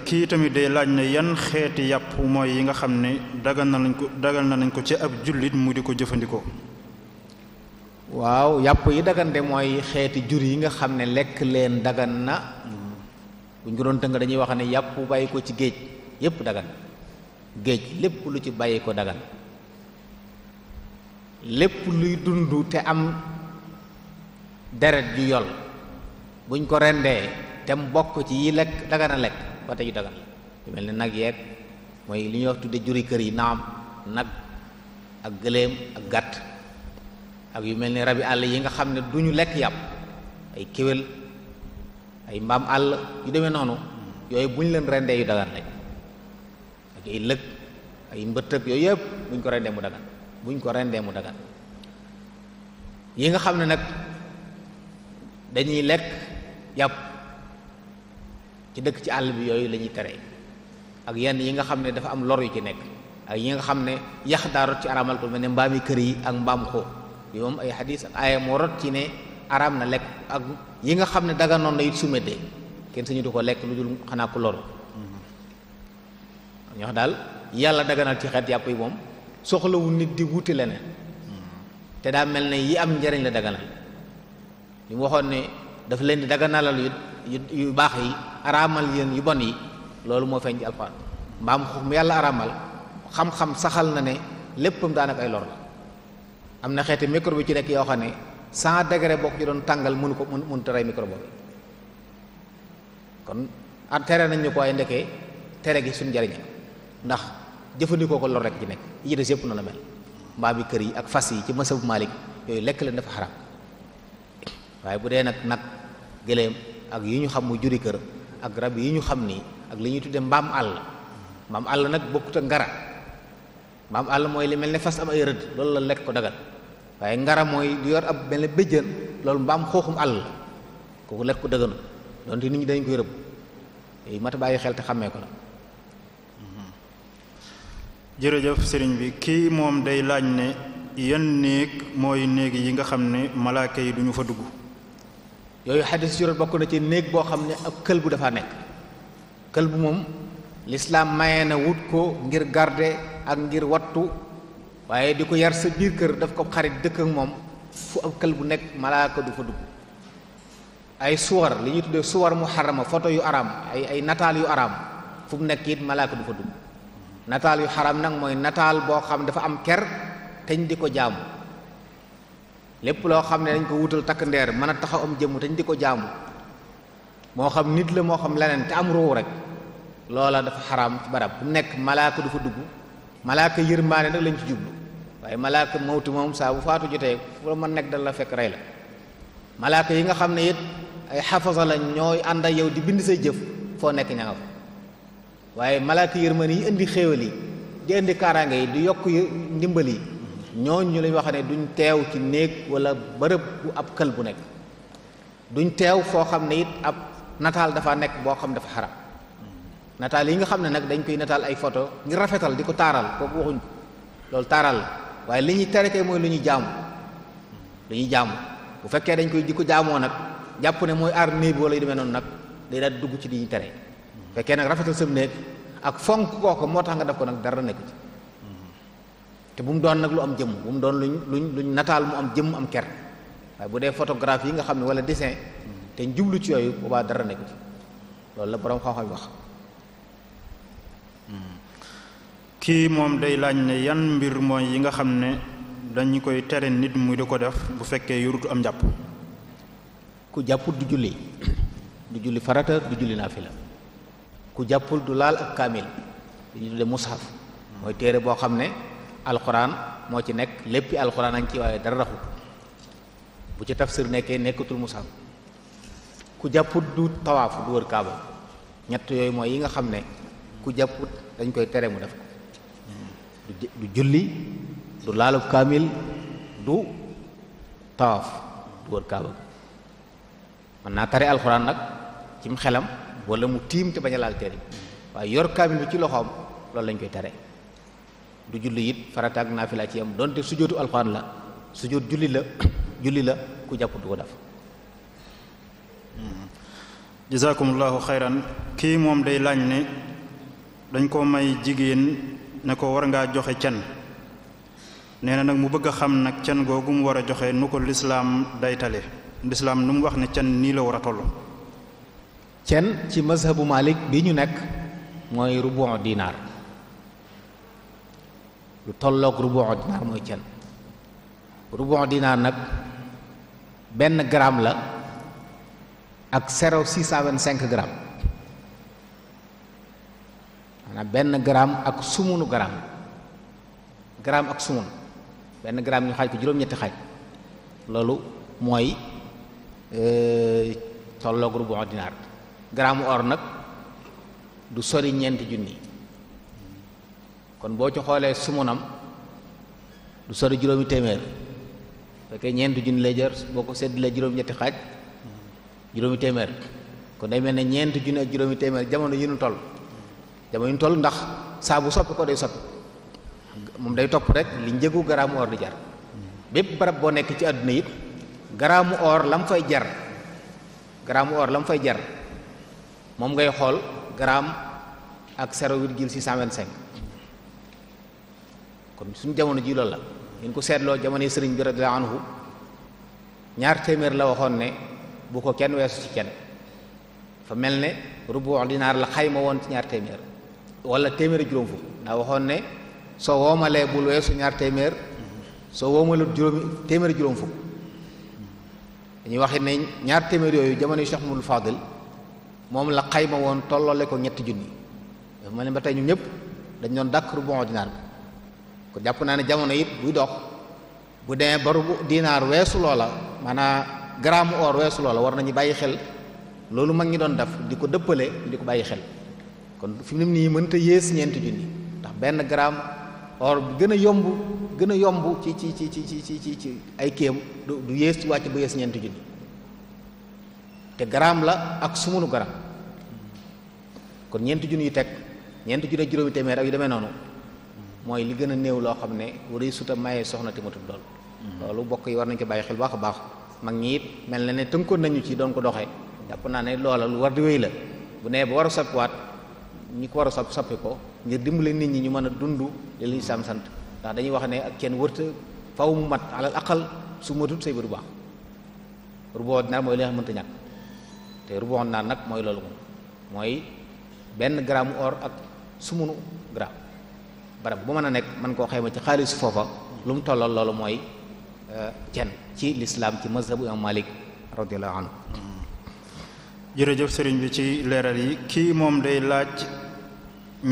kii tamit laaj ne yan xeeti yàpp mooy yi nga xam ne dagal na lañ na lañ ko ci ab jullit mu di ko jëfandikoo waaw yàpp yi dagante mooy xeeti jur yi nga xam ne lekk leen dagan na mm-hmm. buñ ko doon tënk dañuy wax ne yàpp bàyyi ko ci géej yépp dagan géej lépp lu ci bàyyi ko dagan lépp luy dund te am deret ju yol buñ ko rendee te mu bokk ci yi lekk dagan a lekk ba tey yu dagan la yu mel ni nag yeeg mooy li ñuy wax tudde juri kër yi naam nag ak gëléem ak gàtt ak yu mel ni rabi àll yi nga xam ne du ñu lekk yàpp ay kéwél ay mbaam àll yu demee noonu yooyu bu ñu leen rendee yu dagan lañ ak ay lëg ay mbëtëg yooyu yëpp bu ñu ko rendee mu dagan bu ñu ko rendee mu dagan yi nga xam ne nag dañuy lekk yàpp ci dëkk ci àll bi yooyu lañuy ñuy tere ak yenn yi nga xam ne dafa am lor yu ci nekk ak yi nga xam ne yax daa rot ci araamal ko mel ne mbaami kër yi ak mbaam ko yi moom ay xadis ak aaya moo rot ci ne araam na lekk ak yi nga xam ne daga noonu la it suméte kenn sañu du ko lekk lu dul xanaa ko lor ñoo daal yàlla daganal ci xeet yàpp yi moom soxlawu nit di wuti leneen hmm. te daa mel ne yi am njariñ la daganal li mu waxoon ne dafa leen di daganalal yu yu baax yi araamal yéen yu bon yi loolu moo feeñ ci alxuraan mbaam xux mu yàlla araamal xam-xam saxal na ne léppam daanaka ay lor la am na xeeti microbe ci nekk yoo xam ne cent degré bokk ci doon tàngal mënu ko mënu tere microbe bi kon at tere nañ ñu ko ay ndekee tere gi suñ njariñ ndax jëfandikoo ko lor rek ci nekk yi des yëpp na la mel mbaam yi kër yi ak fas yi ci mësa bu Maalik yooyu lekk leen dafa xaram gëléem ak yi ñu xam juri kër ak rab yi ñu xam nii ak li ñuy tudde mbaam àll mbaam àll nag bokkut ak ngara mbaam àll mooy li mel ne fas am ay rëdd loolu la lekk ko dagal waaye ngara mooy du yor ab mel ne béjjën loolu mbaam xooxum àll kooku lekk ko dëgganu donte nit ñi dañ koy rëbb yi mat bàyyi xel te xàmmee ko la mm-hmm. jërëjëf sëriñ bi kii moom day laaj ne yan néeg mooy néeg yi nga xam ne malaake yi duñu fa dugg yooyu xadis juróot bokk na ci néeg boo xam ne ak kël bu dafa nekk kël bu moom lislaam maye na wut ko ngir garde ak ngir wattu waaye di ko yar sa biir kër daf ko xarit dëkk ak moom fu ab kël bu nekk malaaka du fa dugg ay suwar li ñuy tuddee suwar mu xarama photo yu araam ay ay nataal yu araam fu nekk it malaaka du fa dugg nataal yu xaram nag mooy nataal boo xam dafa am ker teñ di ko jaamu lépp loo xam ne dañ ko wutal takk ndeer mën a taxaw am jëmm te ñu di ko jaamu moo xam nit la moo xam leneen te am ruu rek loola dafa xaraam barab bu nekk malaaka du fa dugg malaaka yërmaane nag lañ ci jublu waaye malaaka mawtu moom saa bu faatu jotee fu la mën nekk dana la fekk rey la malaaka yi nga xam ne it ay xafasa lañ ñooy ànd ak yow di bind say jëf foo nekk ña nga fa waaye malaaka yërmaane yi indi xéewal yi di indi kaaraange yi di yokk ndimbal ñu lañ wax ne duñ teew ci néeg wala bërëb bu ab kël bu nekk duñ teew foo xam ne it ab nataal dafa nekk boo xam ne dafa xaram nataal yi nga xam ne nag dañ koy nataal ay photo ngir rafetal di ko taaral kooku waxuñ ko loolu taaral la waaye li ñuy tereke mooy lu ñuy jaamu lu ñuy jaamu bu fekkee dañ koy di ko jaamoo nag jàpp ne mooy aar néeg bi wala yu demee noonu nag day daal dugg ci li ñuy tere fekkee nag rafetal sam néeg ak fonk kooku moo nga def ko nag dara nekk te bu mu doon nag lu am jëmm bu mu doon luñ luñ luñ nataal mu am jëm am ker waaye bu dee photographe yi nga xam ne walla dessin te jublu ci yooyu boobaa dara nekku loolu la borom xam-xam wax. Hmm. kii moom day laaj ne yan mbir mooy yi nga xam ne dañu koy tere nit mu di ko def bu fekkee yorutu am jàpp. ku jàppul du julli du julli farata du julli naafila ku jàppul du laal ak kaamil li ñu tuddee mushaf mooy téere boo xam ne. alxuraan moo ci nekk léppi alxuraan añ ci waaye dara raxul bu ci tafsir nekkee nekkatul mushaf ku jàpput du tawaafu du wër kaaba ñett yooyu mooy yi nga xam ne ku jàpput dañ koy tere mu def ko du julli du laalub kaamil du tawaaf du wër kaaba mën naa tare alxuraan nag cim xelam wala mu tiim te bañ a laal teer waaye yor kaamil ci loxoom loolu lañ koy tare du julli it naa ak naafila ci am donte sujootu alxuraan la sujoot julli la julli la ku jàpp du ko def jazakumullahu xayran kii moom day laañ ne dañ koo may jigéen ne ko war ngaa joxe can nee na nag mu bëgg xam nag can googu mu war a joxe nu ko lislaam daytale lislaam nu mu wax ne can nii la war a toll can ci mazhabu malik bi ñu nekk mooy rubon dinaar lu tolloog rubu'u dinaar mooy cen rubu'u dinaar nag benn gramme la ak zéro six cent vingt cinq gramme maanaam benn gramme ak sumunu gramme gramme ak sumun benn gramme ñu xaaj ko juróom-ñetti xaaj loolu mooy euh, tolloog rubu'u dinaar gramme or nag du sori ñeenti junni kon boo ci xoolee sumunam du sori juróomi téeméer fekkee ñeenti junni lay jar boo ko seddalee juróom-ñetti xaaj juróomi téeméer kon day mel ne ñeenti junni ak juróomi téeméer jamono yi ñu toll jamono yi ñu toll ndax saa bu soppi ko day soppi moom day topp rek li njëgu garaamu or di jar bépp barab boo nekk ci àdduna it garaamu or lam fay jar garaamu or lam fay jar moom ngay xool garaam ak zéro virgule six cent vingt-cinq kon suñu jamono ji lool la ñu ko sétlo jamono sëriñ bi radhiyallahu anhu ñaar témèr la waxon ne bu ko kenn weesu ci kenn fa melne rubu dinar la xayma won ci ñaar témèr wala témèr juróom fu na waxon ne so womalé bu weesu ñaar témèr so woomalut juroom témèr juróom fu ñi waxé ne ñaar témèr yoyu jamono Cheikh Mouhamadou Fadil mom la xayma won tolloole ko ñett jooni dafa ne ba tey ñun ñëpp dañ ñon dàkk rubu dinar ko jàpp naa ne jamono it buy dox bu demee baru dinaar weesu loola maanaam gramme or weesu loola war nañu bàyyi xel loolu mag ñi doon def di ko dëppale di ko bàyyi xel kon fi ni ne nii mënta yées ñeenti junni ndax benn gramme or bi gën a yomb gën a yomb ci ci ci ci ci ci ay kéem du yées ci wàcc bu yées ñeenti junni te gramme la ak sumunu gramme kon ñeenti junni yu teg ñeenti junni juróomi téeméer ak yu demee noonu. mooy li gën a néew loo xam ne waree suta mayee soxna te matul lool loolu bokk yi war nañ ko bàyyi xel baax a baax mag ñi it mel na ne tënkoon nañu ci doon ko doxee jàpp naa ne loola lu war di wéy la bu nee ba war a soppiwaat ñi ko war a sopp soppi ko ngir dimbale nit ñi ñu mën a dund li sam sant ndax dañuy wax ne ak kenn wërta faw mu mat alal su matut say ba du baax rubu ordinaire mooy li nga nag mooy loolu benn gramme or ak sumunu gramme barab bu mën a nekk mën koo xayma ci xaalis foofa lu mu tollal loolu mooy ci lislaam ci mazhabu imam malik radiallahu anhu jërëjëf sëriñ bi ci leeral yi kii moom day laaj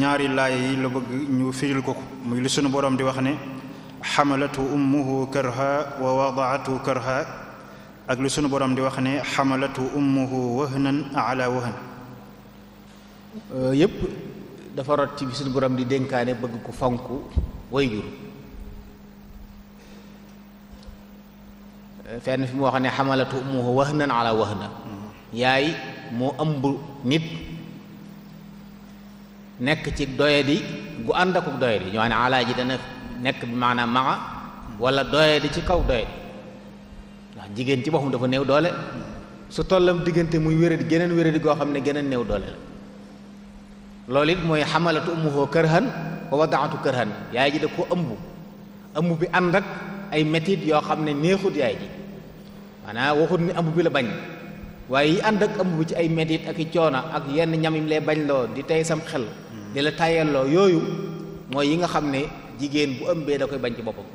ñaari laay yi la bëgg ñu firil ko ko muy li sunu borom di wax ne xamalatu ummuhu karha wa wadaatu karha ak li sunu borom di wax ne xamalatu ummuhu wahnan ala wahn yépp dafa rot ci bi suñu borom di dénkaane bëgg ko fonk wayjur fenn fi mu xam ne xamalatu ummuhu wahnan wax na yaay moo ëmb nit nekk ci doyadi gu ànd ak doyadi ñoo xam ne alaa ji dana nekk bi maanaam maa wala doyadi ci kaw doyadi ndax jigéen ci boppam dafa néew doole su tollam diggante muy wéradi geneen wéradi goo xam ne geneen néew doole la loolu it mooy xamalatu ummuhu kërhan wa wadaatu kërhan yaay ji da ko ëmb ëmb bi ànd ak ay métit yoo xam ne neexut yaay ji maanaam waxut ni ëmb bi la bañ waaye yi ànd ak ëmb bi ci ay métit ak i coono ak yenn ñam yi lay bañ loo di tey sam xel di la tàyyelloo yooyu mooy yi nga xam ne jigéen bu ëmbee da koy bañ ci boppam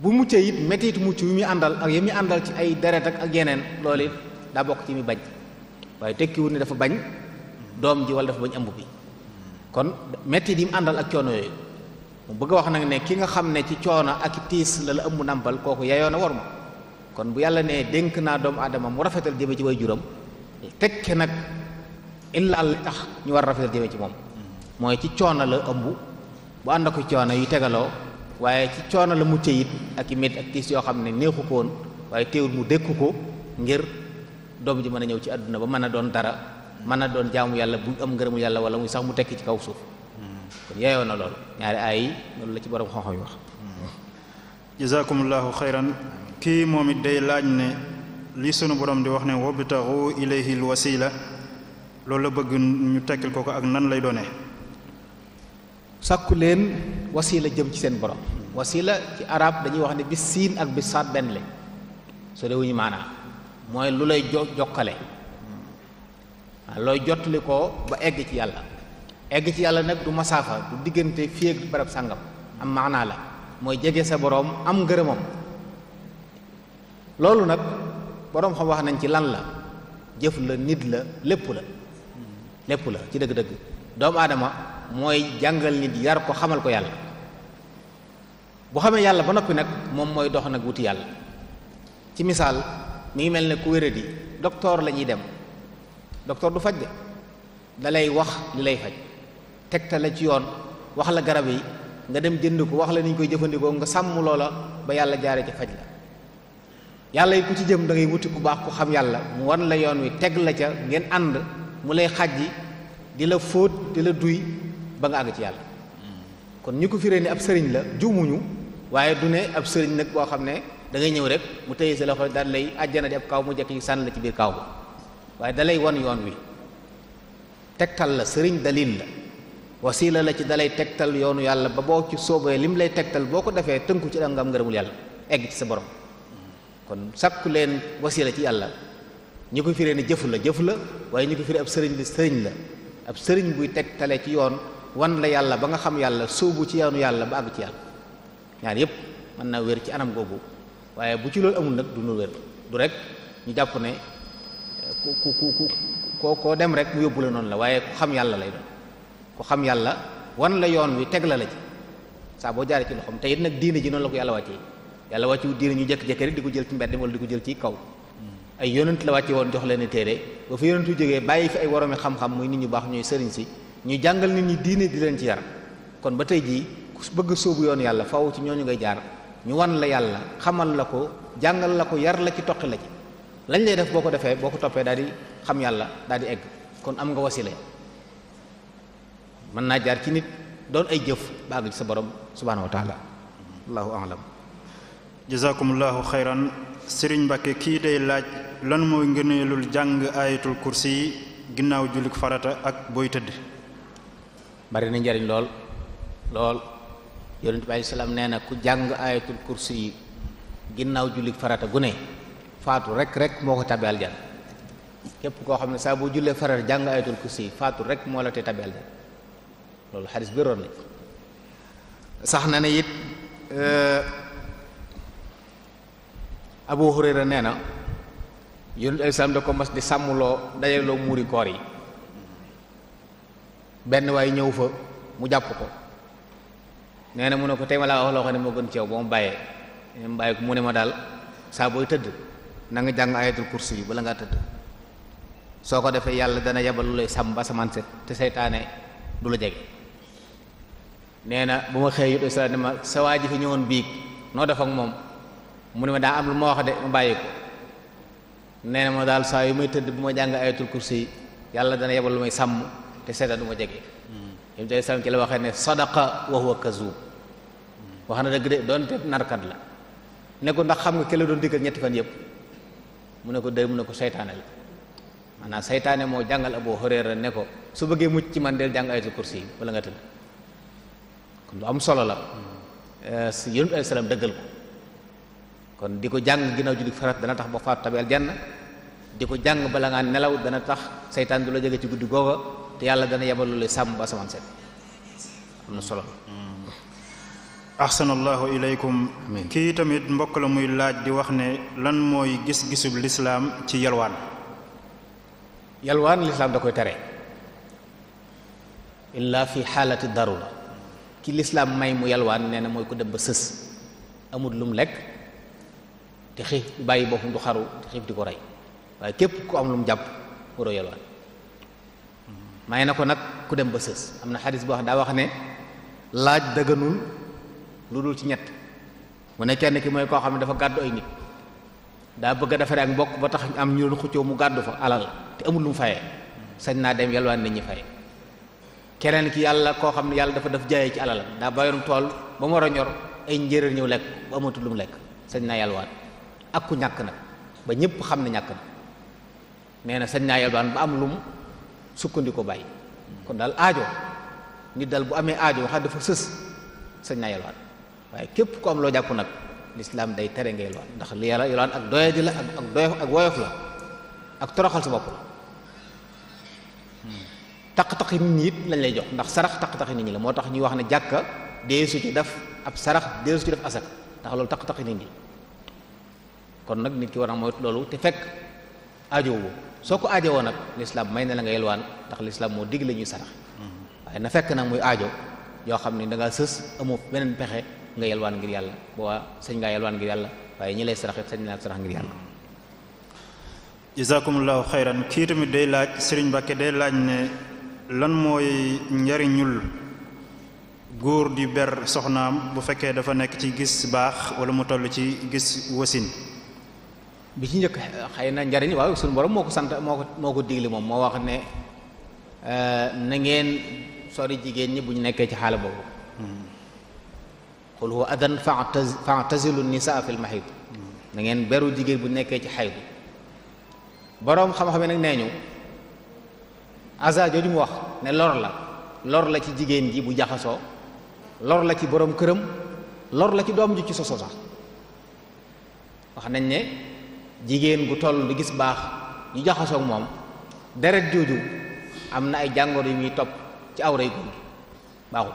bu muccee it métit mucc yu muy àndal ak yi muy àndal ci ay deret ak ak yeneen lool it daa bokk ci muy bañ waaye tekkiwut ne dafa bañ doom ji wala dafa bañ ëmb bi kon metti di mu àndal ak coono yooyu mu bëgg a wax nag ne ki nga xam ne ci coono ak tiis la la ëmb nàmpal kooku yayoo na war ma kon bu yàlla nee dénk naa doomu aadama mu rafetal jëme ci way juram tekke nag tax ñu war rafetal jëme ci moom mooy ci coono la ëmb bu ànd ko coono yu tegaloo waaye ci coono la mucc it ak i métti ak tiis yoo xam ne neexu ko woon waaye teewul mu dékku ko ngir doom ji mën a ñëw ci àdduna ba mën a doon dara mën na doon jaamu yàlla bu am ngërëmu yàlla wala muy sax mu tekki ci kaw suuf kon yeeyoon na loolu ñaari aay yi loolu la ci borom xam-xam yi wax jazakumullahu xayran kii moom it day laaj ne li sunu borom di wax ne wabtaxu ilayhi alwasila loolu la bëgg ñu tekkil ko ko ak nan lay doonee sàkku leen wasila jëm ci seen borom wasila ci arab dañuy wax ne bis siin ak bis saat benn la so dewuñu maanaa mooy lu lay jo jokkale looy jottali ko ba egg ci yàlla egg ci yàlla nag du masaafa du diggante fii ak sàngam am maanaa la mooy jege sa boroom am ngërëmam loolu nag boroom xam wax nañ ci lan la jëf la nit la lépp la lépp la ci dëgg-dëgg doomu aadama mooy jàngal nit yar ko xamal ko yàlla bu xamee yàlla ba noppi nag moom mooy dox nag wuti yàlla ci misaal mi ngi mel ne ku wéradi docteur la dem docteur du faj de dalay wax li lay faj tegtal la ci yoon wax la garab yi nga dem jënd ko wax la ni ñu koy jëfandikoo nga sàmm loola ba yàlla jaare ci faj la yàlla yi ku ci jëm dangay ngay wuti ku baax ku xam yàlla mu wan la yoon wi teg la ca ngeen ànd mu lay xàjji di la fóot di la duy ba nga àgg ci yàlla kon ñi ko firee ni ab sëriñ la juumuñu waaye du ne ab sëriñ nag boo xam ne da ñëw rek mu tëye sa loxo daal lay àjjana di ab kaw mu jekk yi sànn la ci kaw waaye dalay wan yoon wi tegtal la sëriñ dalil la wasiila la ci dalay tegtal yoonu yàlla ba boo ci soobee mu lay tegtal boo ko defee tënku ci da nga am ngërëmul yàlla egg ci sa borom kon sàkku leen wasiila ci yàlla ñi ko firee ne jëfu la jëfu la waaye ñi ko firee ab sëriñ la sëriñ la ab sëriñ buy tegtale ci yoon wan la yàlla ba nga xam yàlla sóobu ci yoonu yàlla ba àgg ci yàlla ñaar yépp mën naa wér ci anam googu waaye bu ci loolu amul nag du ku ku ku koo koo dem rek mu yóbbu la noonu la waaye ku xam yàlla lay doon ku xam yàlla wan la yoon wi teg la la ci saa boo jaaree ci loxoom te it nag diine ji noonu la ko yàlla wàccee yàlla wàcce wu diine rek di ko jël ci mbedd wala di ko jël ci kaw ay yonent la wàcce woon jox leen téere ba fi yonent yu jógee bàyyi fi ay waroomi xam-xam muy nit ñu baax ñooy sëriñ si ñu jàngal nit ñi diine di leen ci yar kon ba tey jii ku bëgg sóobu yoon yàlla faw ci ñoo ñu ngay jaar ñu wan la yàlla xamal la ko jàngal la ko yar la ci toqi la lañ lay def boo ko defee boo ko toppee daal xam yàlla daal egg kon am nga wasila mën naa jaar ci nit doon ay jëf bàgg ci sa borom subhaanahu wa taala allahu alam jazakumullahu xayran sëriñ Mbàkke kii day laaj lan mooy ngëneelul jàng ayatul kursi yi ginnaaw jullik farata ak booy tëdd bari ni njariñ lool lool yonent salaam nee na ku jàng ayatul kursi yi ginnaaw jullik farata gune faatu rek rek moko ko tabe aljana képp koo xam ne saa boo jullee faral ayatul kursi faatu rek mo la te tabe aljana lolou xadis bi na sax na ne euh abu hurayra neena na ay sam da ko mas di Samulo dajaloo muri koor yi ben way ñew fa mu japp ko neena na mu ne ko tey ma wax lo xam mo gën ci yow bo mu baye mu ko mu ne ma dal sa boy teud na nga jàng ayatul kursi yi bala ngaa tëdd soo ko defee yàlla dana yebal lu lay sàmm ba samaan set te seytaane du la jege nee na bu ma xëyee yut sala ne ma sa waa fi ñëwoon biig noo def moom mu ne ma daa am lu ma wax de ma bàyyi ko nee na ma daal saa yu may tëdd bu ma jàng ayatul kursi yi yàlla dana yebal lu may sàmm te seytaan du jege yém ta sàmm ci la waxee ne sadaqa wa huwa kazub hmm. wax na dëgg de doonte narkat la nekku ndax xam nga ki doon diggal ñetti fan yëpp mu ne ko day mu ne ko seytaane la maanaam seytaane moo jàngal Abu Hurayra ne ko su bëggee mucc ci man del jàng ayatul kursi yi wala nga tëdd kon lu am solo la eh, yonent alayhi salaam dëggal ko kon di ko jàng ginnaaw julli farat dana tax ba faatu tabi aljanna di ko jàng bala ngaa nelaw dana tax seytaan du la jege ci guddi googa te yàlla dana yebal lu sàmm ba asamaan set am na solo أحسن الله إليكم كي تميت مبكلا ميلا دي وخنة لن موي جس جس بالإسلام تي يلوان يلوان الإسلام دكو تري إلا في حالة الضرورة كي الإسلام ما يمو يلوان نينا موي كدب بسس أمود لوم لك تخي باي بوخم دخارو تخي دي كوراي واي كيب كو أم لوم جاب ورو يلوان ما ينا نك كدب بسس أمنا حديث بوخ دا وخنة لاج دغنون lu ci ñett mu ne kenn ki moy ko xamne dafa gaddo ay nit da bëgg dafa rek ba tax am ñu mu gaddo fa alal te amul lu mu fayee sañ naa dem yalla nit ñi fayé keneen ki yalla ko xamne yalla dafa daf jaay ci alal da bayoon tool ba mo war ñor ay njéeréer ñew lek ba amatu lu mu lekk sañ yalla yalwaan ak ku ñak nak ba ñepp xamne ñak na yalla ba am lu mu kon dal aajo nit dal bu amé aajo dafa sañ yalla waaye képp ku am loo jàpp nag lislaam day tere ngay yelwaan ndax li yàlla yelwaan ak doyadi la ak ak ak woyof la ak toroxal sa bopp la hmm. taq-taqi nit ñi it lañ lay jox ndax sarax taq-taqi nit ñi la moo tax ñuy wax ne jàkka deesu ci def ab sarax deesu ci def asaka ndax loolu taq-taqi nit ñi kon nag nit ki war a moytu loolu te fekk aajowoo soo ko aajowoo nag lislaam may na la nga yelwaan ndax lislaam moo digg la ñuy sarax hmm. waaye na fekk nag muy ajo yoo xam ne da ngaa amoo beneen pexe nga yelwan ngir yalla bo señ nga yelwan ngir yalla waye ñi lay saraxit señ la sarax ngir yalla jazakumullahu khairan ki tamit day laaj señ Mbàkke day laaj ne lan ñari ñul goor di ber soxnam bu fekke dafa nek ci gis bax wala mu toll ci gis wasin bi ci ñëk eh, xeyna na waaw suñu borom moko sant moko moko moo mom mo wax ne eh, na ngeen sori jigéen ñi buñu nekk ci xala bobu hmm. قل هو أذن فاعتزل النساء في المحيط نين برو جيجي بو نيكي تي حيض بروم خام خامي نك نينو ازا جوجي مو واخ ن لور لا لور لا تي جيجين جي بو جاخاسو لور لا تي بروم كرم لور لا تي دوم جي تي سوسو سا واخ نين ني جيجين بو تول لي گيس باخ ني جاخاسو اك موم درات جوجو امنا اي جانغور يمي توب تي اوراي گوندي باخو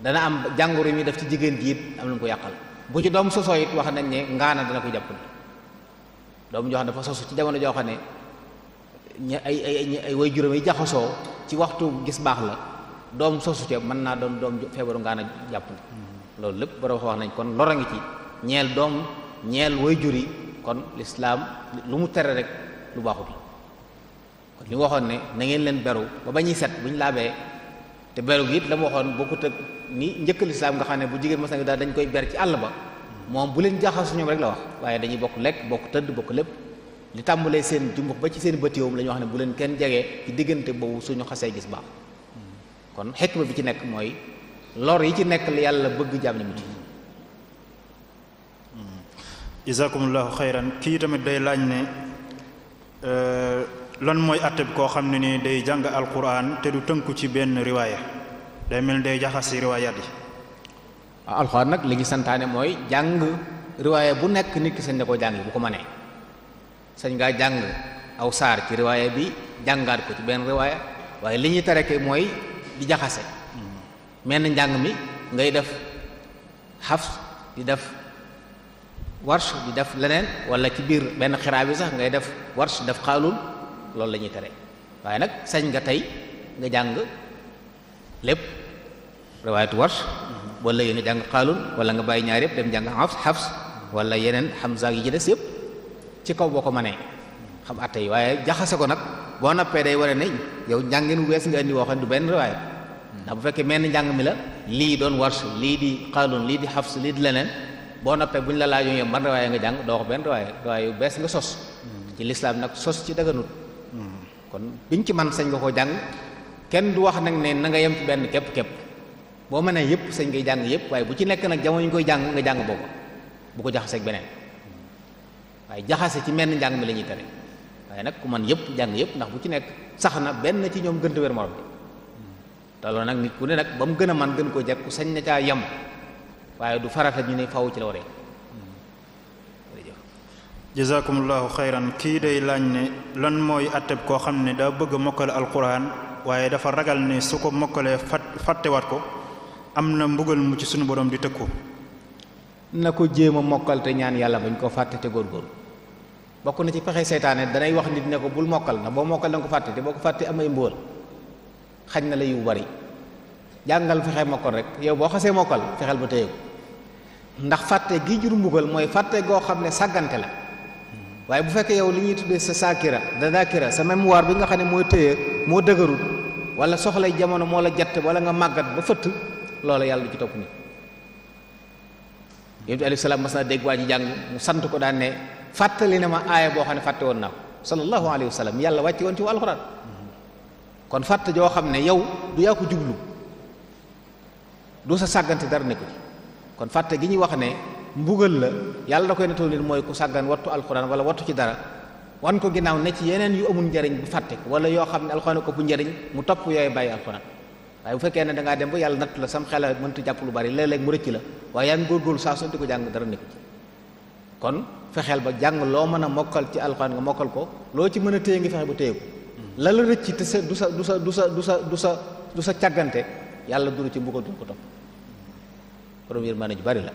dana am jàngoro mi def ci jigéen ji it am lu mu ko yàqal bu ci doom sosoo yit wax nañ ne ngaana dana ko jàppale doom jox xam ne dafa sosu ci jamono joo xam ne ñu ay ay way juróom yi jaxasoo ci waxtu gis baax la doom sosu ca mën naa doon doom feebaru ngaana jàppale loolu lépp borom wax nañ kon lora ngi ci ñeel doom ñeel way jur yi kon lislaam lu mu tere rek lu baaxut la kon li waxoon ne na ngeen leen beru ba ba ñuy set bu ñu laabee te beru gi it la mu waxoon bokkut ni njëkkal islaam nga xam ne bu jigéen masana daal dañ koy ber ci àll ba moom bu leen jaaxal su rek la wax waaye dañuy bokk lekk bokk tëdd bokk lépp li tàmbalee seen jumbux ba ci seen bëtiwam la ñu wax ne bu leen kenn jegee ci diggante boobu suñu xasee gis baax kon xekk ma bi ci nekk mooy lor yi ci nekk la yàlla bëgg jaam ni muti jazakumullahu xayran kii tamit day laaj ne euh, lon mooy àtte bi koo xam ne nii day jàng alquran te du tënku ci benn riwaaya day mel day jaxas si riwaayaat yi waaw ah, alxuraan nag li ñu santaane mooy jàng riwaaya bu nekk nit ki sañ na ko jàng bu ko mënee sañ ngaa jàng aw saar ci riwaaya bi jàngaat ko ci benn riwaaya waaye li ñuy tareke mooy di jaxase hmm. menn njàng mi ngay def xaf di def warsh di def leneen wala ci biir benn xiraa bi sax ngay def warsh def xaalul loolu la ñuy tere waaye nag sañ nga tey nga jàng lépp riwaayatu boo wala yéen jàng xaalun wala nga bàyyi ñaar yëpp dem jàng hafs hafs wala yeneen hamza yi ci des yëpp ci kaw boo ko mënee xam atte yi waaye jaxase ko nag boo nappee day ware ni yow nu wees nga indi woo xam du benn riwaaya ndax bu fekkee menn njàng mi la lii doon warsh lii di xaalun lii di hafs lii di leneen boo nappee buñ ñu la laajoon yow ban riwaaya nga jàng doo wax benn riwaaya riwaaya bees nga sos hmm. ci lislaam nag sos ci daganut hmm. kon biñ ci man sañ nga koo jàng kenn du wax nag ne na nga yem ci benn képp képp boo mënee yëpp sañ ngay jàng yëpp waaye bu ci nekk nag jamono ñu koy jàng nga jàng boobu bu ko jaxaseeg beneen waaye jaxase ci menn njàng mi la ñuy waaye nag ku man yépp jàng yëpp ndax bu ci nekk sax na benn ci ñoom gën a wér morom bi te nag nit ku ne nag ba mu gën a man gën koo jekku sañ na caa yem waaye du farata ñu ne faw ci la waree jazakumullahu xayran kii day laaj ne lan mooy atteb koo xam ne daa bëgg a mokkal alquran waaye dafa ragal ne su ko mokkalee fàttewaat ko am na mbugal mu ci sunu borom di tëkku na ko jéem a mokkal te ñaan yàlla bañ ko fàtte te góor góorgóorlu bokk na ci pexe seytaane danay wax nit ne ko bul mokkal na boo mokkal da ko fàtte te boo ko fàttee amay mbóol xaj na la yu bari jàngal fexe mokkal rek yow boo xasee mokkal fexeel ba téye ko ndax fàtte gi jur mbugal mooy fàtte goo xam ne sàggante la waaye bu fekkee yow li ñuy tuddee sa saakira da dakira sa waar bi nga xam ne moo téye moo dëgërul wala soxlay jamono moo la jat wala nga màggat ba fëtt loola yàlla du ci topp nit yonent bi alayhi salaam dégg waa ji jàng mu sant ko daan ne fàttali ne ma aaya boo xam ne fàtte woon naa ko sallallahu alayhi wa yàlla wàcce woon ci alxuraan kon fàtte joo xam ne yow du yaa ko jublu du sa sàggante dara nekku ci kon fàtte gi ñuy wax ne mbugal la yàlla da koy netoo leen mooy ku sàggan wattu alxuraan wala wattu ci dara wan ko ginnaaw ne ci yeneen yu amul njariñ bu fàtte ko wala yoo xam ne alxuraan ko bu njariñ mu topp yooyu bàyyi alxuraan waaye bu fekkee ne da ngaa dem ba yàlla nattu la sam xel mënta jàpp lu bari léeg-léeg mu rëcc la waaye yaa ngi góorgóorlu saa sonti ko jàng dara nekk kon fexeel ba jàng loo mën a mokkal ci alxuraan nga mokkal ko loo ci mën a téye ngi fexe ba téye ko la sa du sa du sa du sa du sa du sa du sa càggante yàlla duru ci mbugal du ko topp première mën ju bari la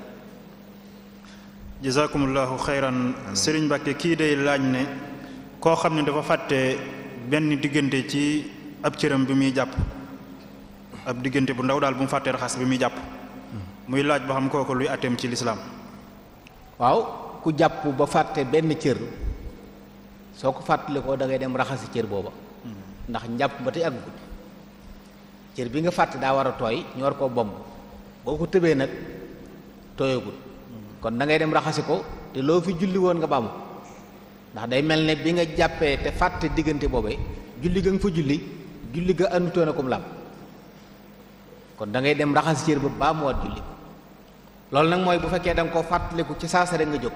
jazakumullahu xayran sëriñ Mbàkke kii day laaj ne koo xam ne dafa fàtte benn diggante ci ab cëram bi muy jàpp ab diggante bu ndaw daal bu mu fàttee raxas bi muy jàpp muy laaj ba xam kooku luy atteem ci lislaam waaw ku jàpp ba fàtte benn cër soo ko fàttalikoo dangay dem raxasi cër booba ndax njàpp ba tey ak gudd cër bi nga fàtte daa war a tooy ñu war koo bomb boo ko tëbee nag tooyagul kon da ngay dem raxasi ko te loo fi julli woon nga baamu ndax day mel ne bi nga jàppee te fàtte diggante boobe julli ga nga fa julli julli ga anutoon akum laab kon dangay dem raxas cër ba baamuwaat julli loolu nag mooy bu fekkee da nga koo fàttaliku ci saasa rek nga jóg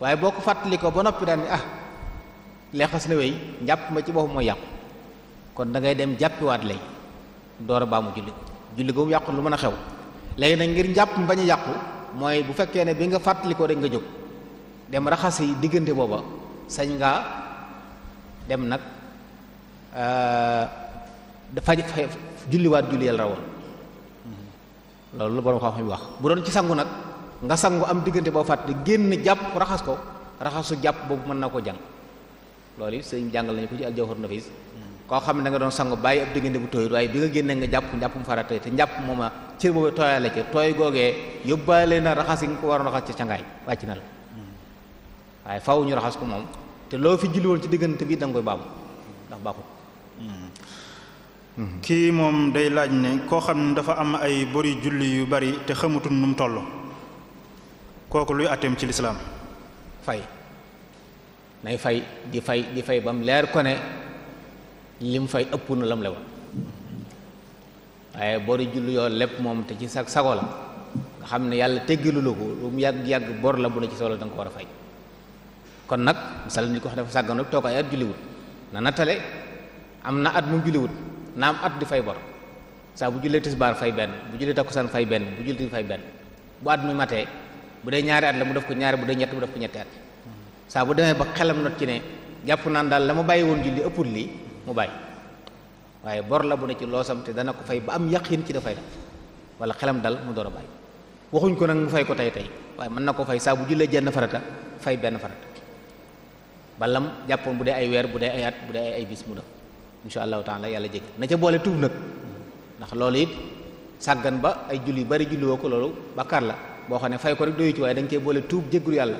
waaye boo ko fàttalikoo ba noppi daal ne ah leexas na wéy njàpp ma ci boppam mooy yàqu kon dangay dem jàppiwaat lay door a baamu julli julli ga mu yàqu lu mën a xew léegi nag ngir njàpp bañ yàqu mooy bu fekkee ne bi nga fàttali ko rek nga jóg dem raxas yi diggante booba sañ ngaa dem nag dafa euh, julliwaat julli yàlla rawoon loolu la borom xam-xam wax bu doon ci sangu nag nga sangu am diggante boo fàtte génn jàpp raxas ko raxasu jàpp boobu mën na ko jàng loolu it sëñ jàngal nañu ko ci na nafis koo xam ne da nga doon sangu bàyyi ab diggante bu tooyut waaye bi nga génne nga jàpp njàppum farata te njàpp moom a cër boobu tooyale ca tooy googee yóbbaale na raxas yi nga ko waroon raxas ca cangaay wàcc na la waaye faaw ñu raxas ko moom te loo fi julli woon ci diggante bi da nga koy baamu ndax baaxul hmm. kii moom day laaj ne koo xam ne dafa am ay bori julli yu bari te xamutul nu mu toll kooku luy atteem ci lislaam fay nay fay di fay di fay bam leer kon li mu fay ëpp na lam lewoon waaye bori jullu yoo lépp moom te ci sa sago la nga xam ne yàlla teggalu la ko lu mu yàgg-yàgg bor la bu la ci solo da nga ko war a fay kon nag misal ni ko wax dafa sàggan rek toog ay at julliwut na nattale am na at mu julliwut na am at di fay bor saa bu jullee tisbaar fay benn bu jullee takkusaan fay benn bu jullee fay benn bu at mi matee bu dee ñaari at la mu def ko ñaari bu dee ñett mu def ko ñetti at saa bu demee ba xelam not ci daal la ma woon julli lii mu bay waye bor la bu ne ci losam te dana ko fay ba am yaqin ci def wala xelam dal mu door bay. bàyyi waxuñ ko nak mu fay ko tay tay waye man nako fay sa bu jille jenn farata fay ben farata balam jappon budé ay wèr budé ay at budé ay bis mu def insha allahu taala yalla jégg na ca bolé tuub nak ndax lolé it ba ay julli bari julli woko lolou bakkar la bo xone fay ko rek doyu ci waye dang nga bolé tuub jéggul yalla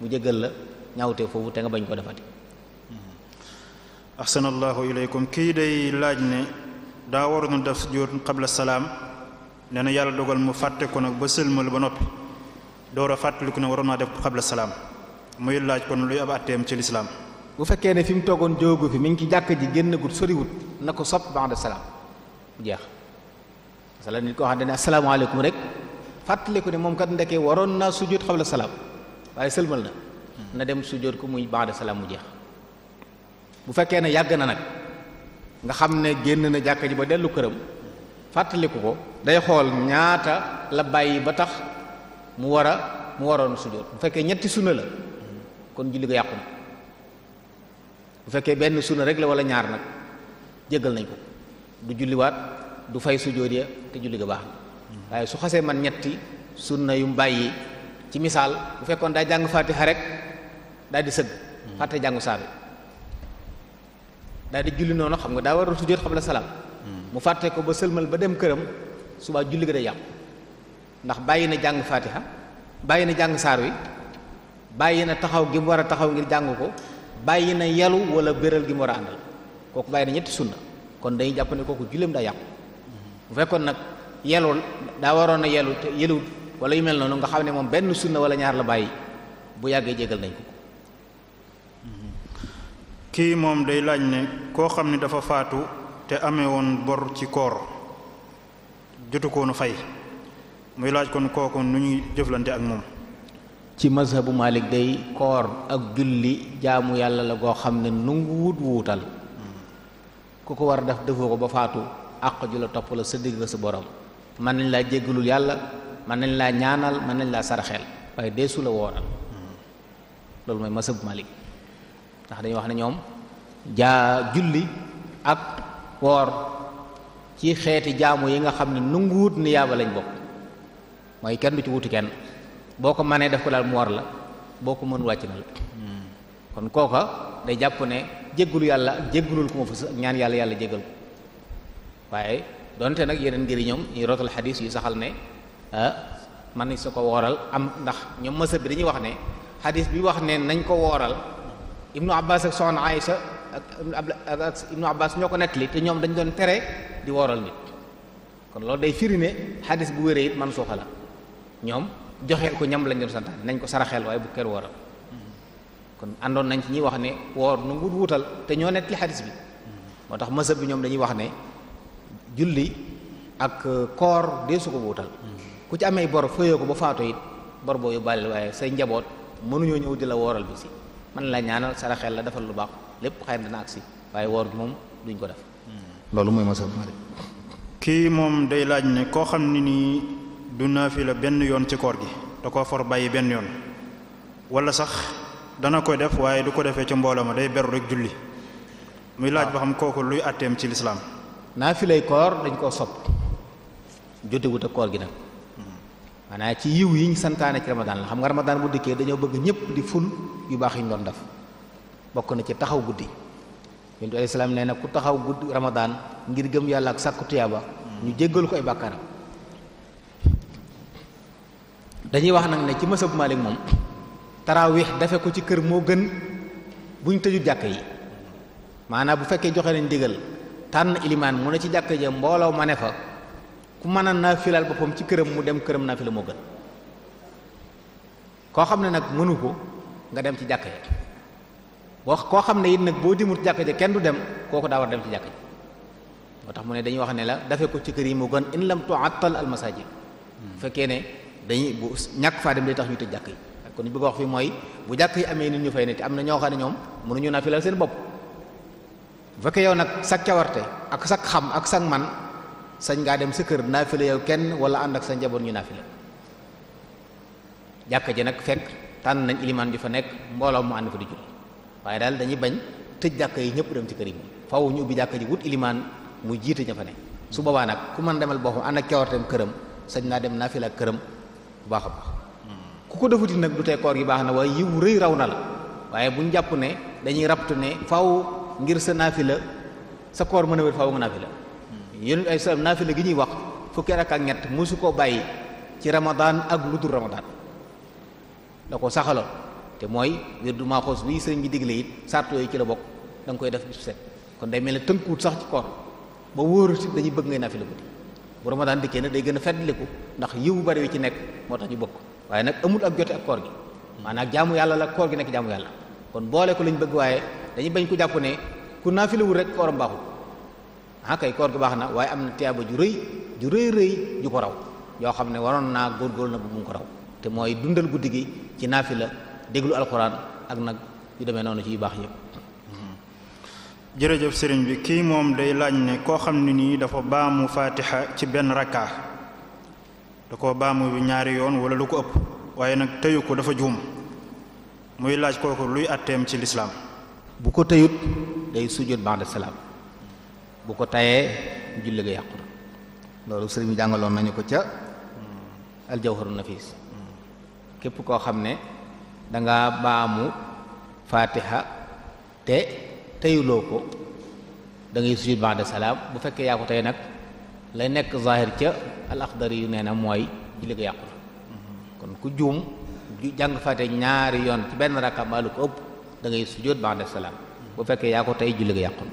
mu la ñawte fofu te nga bañ ko defati أحسن الله إليكم كي دي لاجن داور نون داف قبل السلام نانا يالا دوغال مو فاتي كون اك بسل مول بنوبي دورا فاتلو كون ورونا داف قبل السلام موي لاج كون لوي اب اتيم تي الاسلام بو فيم توغون جوغو في مينكي جاك جي ген نغوت سوري ووت نكو صوب بعد السلام جيخ مثلا نيكو خاندي السلام عليكم رك فاتلي كوني موم كات ندكي ورونا سجود قبل السلام واي سلمالنا نا دم سجود بعد السلام جيخ bu fekkee ne yàgg na nag nga xam ne génn na jàkka ji ba dellu këram fàttaliku ko day xool ñaata la bàyyi ba tax mu war a mu waroon sujjóot bu fekkee ñetti sunna la kon julli ga yàqu bu fekkee benn sunna rek la wala ñaar nag jéggal nañ ko du julliwaat du fay sujjóot ya te julli ga baax na waaye su xasee man ñetti sunna yu mu bàyyi ci misaal bu fekkoon daa jàng fatiha rek daal di sëgg fàtte jàngu saabi daal di julli noonu xam nga daa war a sujjóot xam la salaam mu fàtte ko ba sëlmal ba dem këram subaa julli ga day yàqu ndax bàyyi na jàng faatiha bàyyi na jàng saar wi bàyyi na taxaw gim war a taxaw ngir jàng ko bàyyi na yalu wala béral gi mu war a àndal kooku bàyyi na ñetti sunna kon day jàpp ne kooku julleem daa yàqu bu kon nag yelul daa waroon na yelu te yeluwut wala yu mel noonu nga xam ne moom benn sunna wala ñaar la bàyyi bu yàggee jégal nañ ko kii moom day laaj ne koo xam ne dafa faatu te amee woon bor ci koor jotu koonu fay muy laaj kon kooku nu ñuy jëflante ak moom ci bu Malik day koor ak julli jaamu yàlla la goo xam ne nungu wut wuutal ku ko war a def defoo ko ba faatu àq ju la topp la sa digg nga sa borom mën nañ laa jéggalul yàlla mën nañ laa ñaanal mën nañ laa saraxeel waaye deesu la woonal loolu mooy bu Malik ndax dañuy wax ne ñoom jaa julli ak woor ci xeeti jaamu yi nga xam ne nunguwut ni yaaba lañ bokk mooy kenn du ci wuti kenn boo ko mënee def ko daal mu war la boo ko mën wàcc na la kon kooka day jàpp ne jéggulu yàlla ak jéggulul ku ma fës ñaan yàlla yàlla jéggal waaye doonte nag yeneen ngir ñoom ñu rotal xadis yu saxal ne ah, mën nañ sa ko wooral am ndax ñoom mësëb bi dañuy wax ne xadis bi wax ne nañ ko wooral ibnu abbas ak soxna aïcha ak ak ibnu abbas ñoo ko nettali te ñoom dañ doon tere di wooral nit kon loolu day firi ne bu wéree it man suuxa ñoom joxeel ko ñam lañ doon santaan nañ ko saraxeel waaye bu kër wooral kon àndoon nañ ci ñuy wax ne woor nu ngu wutal te ñoo nettali xadis bi moo tax masab bi ñoom dañuy wax ne julli ak koor dee su ko wutal ku ci amee bor fëyoo ko ba faatoo it bor boo yóbbaale waaye say njaboot mënuñoo ñëw di la wooral bi si na la ñaanal saraxel la defal lu baax lépp xëy na dana agsi waaye woor gi moom duñ ko def loolu mooy masal Maalik kii moom day laaj ne koo xam ne nii du naafila benn yoon ci koor gi da koo for bàyyi benn yoon wala sax dana koy def waaye du ko defee ci mbooloo ma day beru rek julli muy laaj ba xam kooku luy atteem ci lislaam naafilay koor dañ koo sob jotewut ak koor gi nag maanaam ci yiw yi ñu santaane ci ramadaan la xam nga ramadaan bu dikkee dañoo bëgg ñëpp di ful yu baax yi ñu doon def bokk na ci taxaw guddi yonent alayhi nee na ku taxaw guddi ramadaan ngir gëm yàlla ak sàkku tuyaaba ñu jéggal koy ay dañuy wax nag ne ci mësab Maalik moom taraawix defe ko ci kër moo gën bu ñu tëju jàkk yi maanaam bu fekkee joxe nañ ndigal tànn ilimaan mu ne ci jàkk ja mbooloo ma ne fa ku mën a naafilaal boppam ci këram mu dem këram naafila moo gën koo xam ne nag mënu ko nga dem ci jàkka ja boo koo xam ne it nag boo dimul ci jàkka kenn du dem kooku daa dem ci jàkka moo tax mu ne dañuy wax ne la dafe ko ci kër yi moo gën in lam tuattal al masajid hmm. bu fekkee ne dañuy bu ñàkk faa dem tax ñu tëj jàkk yi kon ñu bëgg wax fi mooy bu jàkk yi amee nit ñu fay ne am na ñoo xam ne ñoom mënuñu naafilal seen bopp bu fekkee yow nag sa cawarte ak sa xam ak sa man sañ ngaa dem sa kër naafila yow kenn wala ànd ak sa njaboot ñu naafila jàkka ji nag fekk tànn nañ ilimaan ju fa nekk mbooloo mu ànd fa di julli waaye daal dañuy bañ tëj jàkka yi ñëpp dem ci kër yi faw ñu ubbi jàkka ji wut ilimaan muy jiite ña fa nekk su boobaa nag ku mën demal boppam ànd na cawarteem këram sañ naa dem naafila ak këram bu baax a baax ku ko defuti nag du tey koor gi baax na waaye yiw rëy raw na la waaye bu ñu jàpp ne dañuy rabtu faw ngir sa naafila sa koor mën a faw nga naafila yonent ay salaam la gi ñuy wax fukki rakk ak ñett su koo bàyyi ci ramadaan ak lu dul ramadaan da ko saxaloon te mooy du maaxoos bi sëriñ bi digle it sartoo yi ci la bokk da koy def bis set kon day mel ne tënkuwut sax ci koor ba wóoru si dañu bëgg ngay naafila guddi bu ramadaan dikkee nag day gën a ko ndax yiw bari wi ci nekk moo tax ñu bokk waaye nag amul ak jote ak koor gi maanaam jaamu yàlla la koor gi nekk jaamu yàlla kon boole lañ bëgg waaye dañuy bañ ko jàpp ne ku naafilawul rek kooram baaxul ah kay koor gi baax na waaye am na tiyaaba ju rëy ju rëy rëy ju ko raw yoo xam ne waroon naa góor góor na bu mu ko raw te mooy dundal guddi gi ci la déglu alxuraan ak nag yu demee noonu ci yu baax yëpp. jërëjëf sëriñ bi kii moom day laaj ne koo xam ne nii dafa baamu faatiha ci benn rakka da ko baamu bi ñaari yoon wala lu ko ëpp waaye nag tëyu ko dafa juum muy laaj kooku luy atteem ci lislaam bu ko tëyut day sujjóot ba'da salaam bu ko tayee julli ga yàqu loolu sëriñ jàngaloon nañu ko ca aljawharu nafis képp koo xam ne danga baamu fatiha te teyuloo ko dangay ngay sujud ba'da salaam bu fekkee yaa ko tey nag lay nekk zahir ca al axdari yu nee na mooy julli ga yàqu kon ku juum jàng fatiha ñaari yoon ci benn rakka mbaalu ko ëpp da ngay sujud ba'da salaam bu fekkee yaa ko tey julli ga yàqu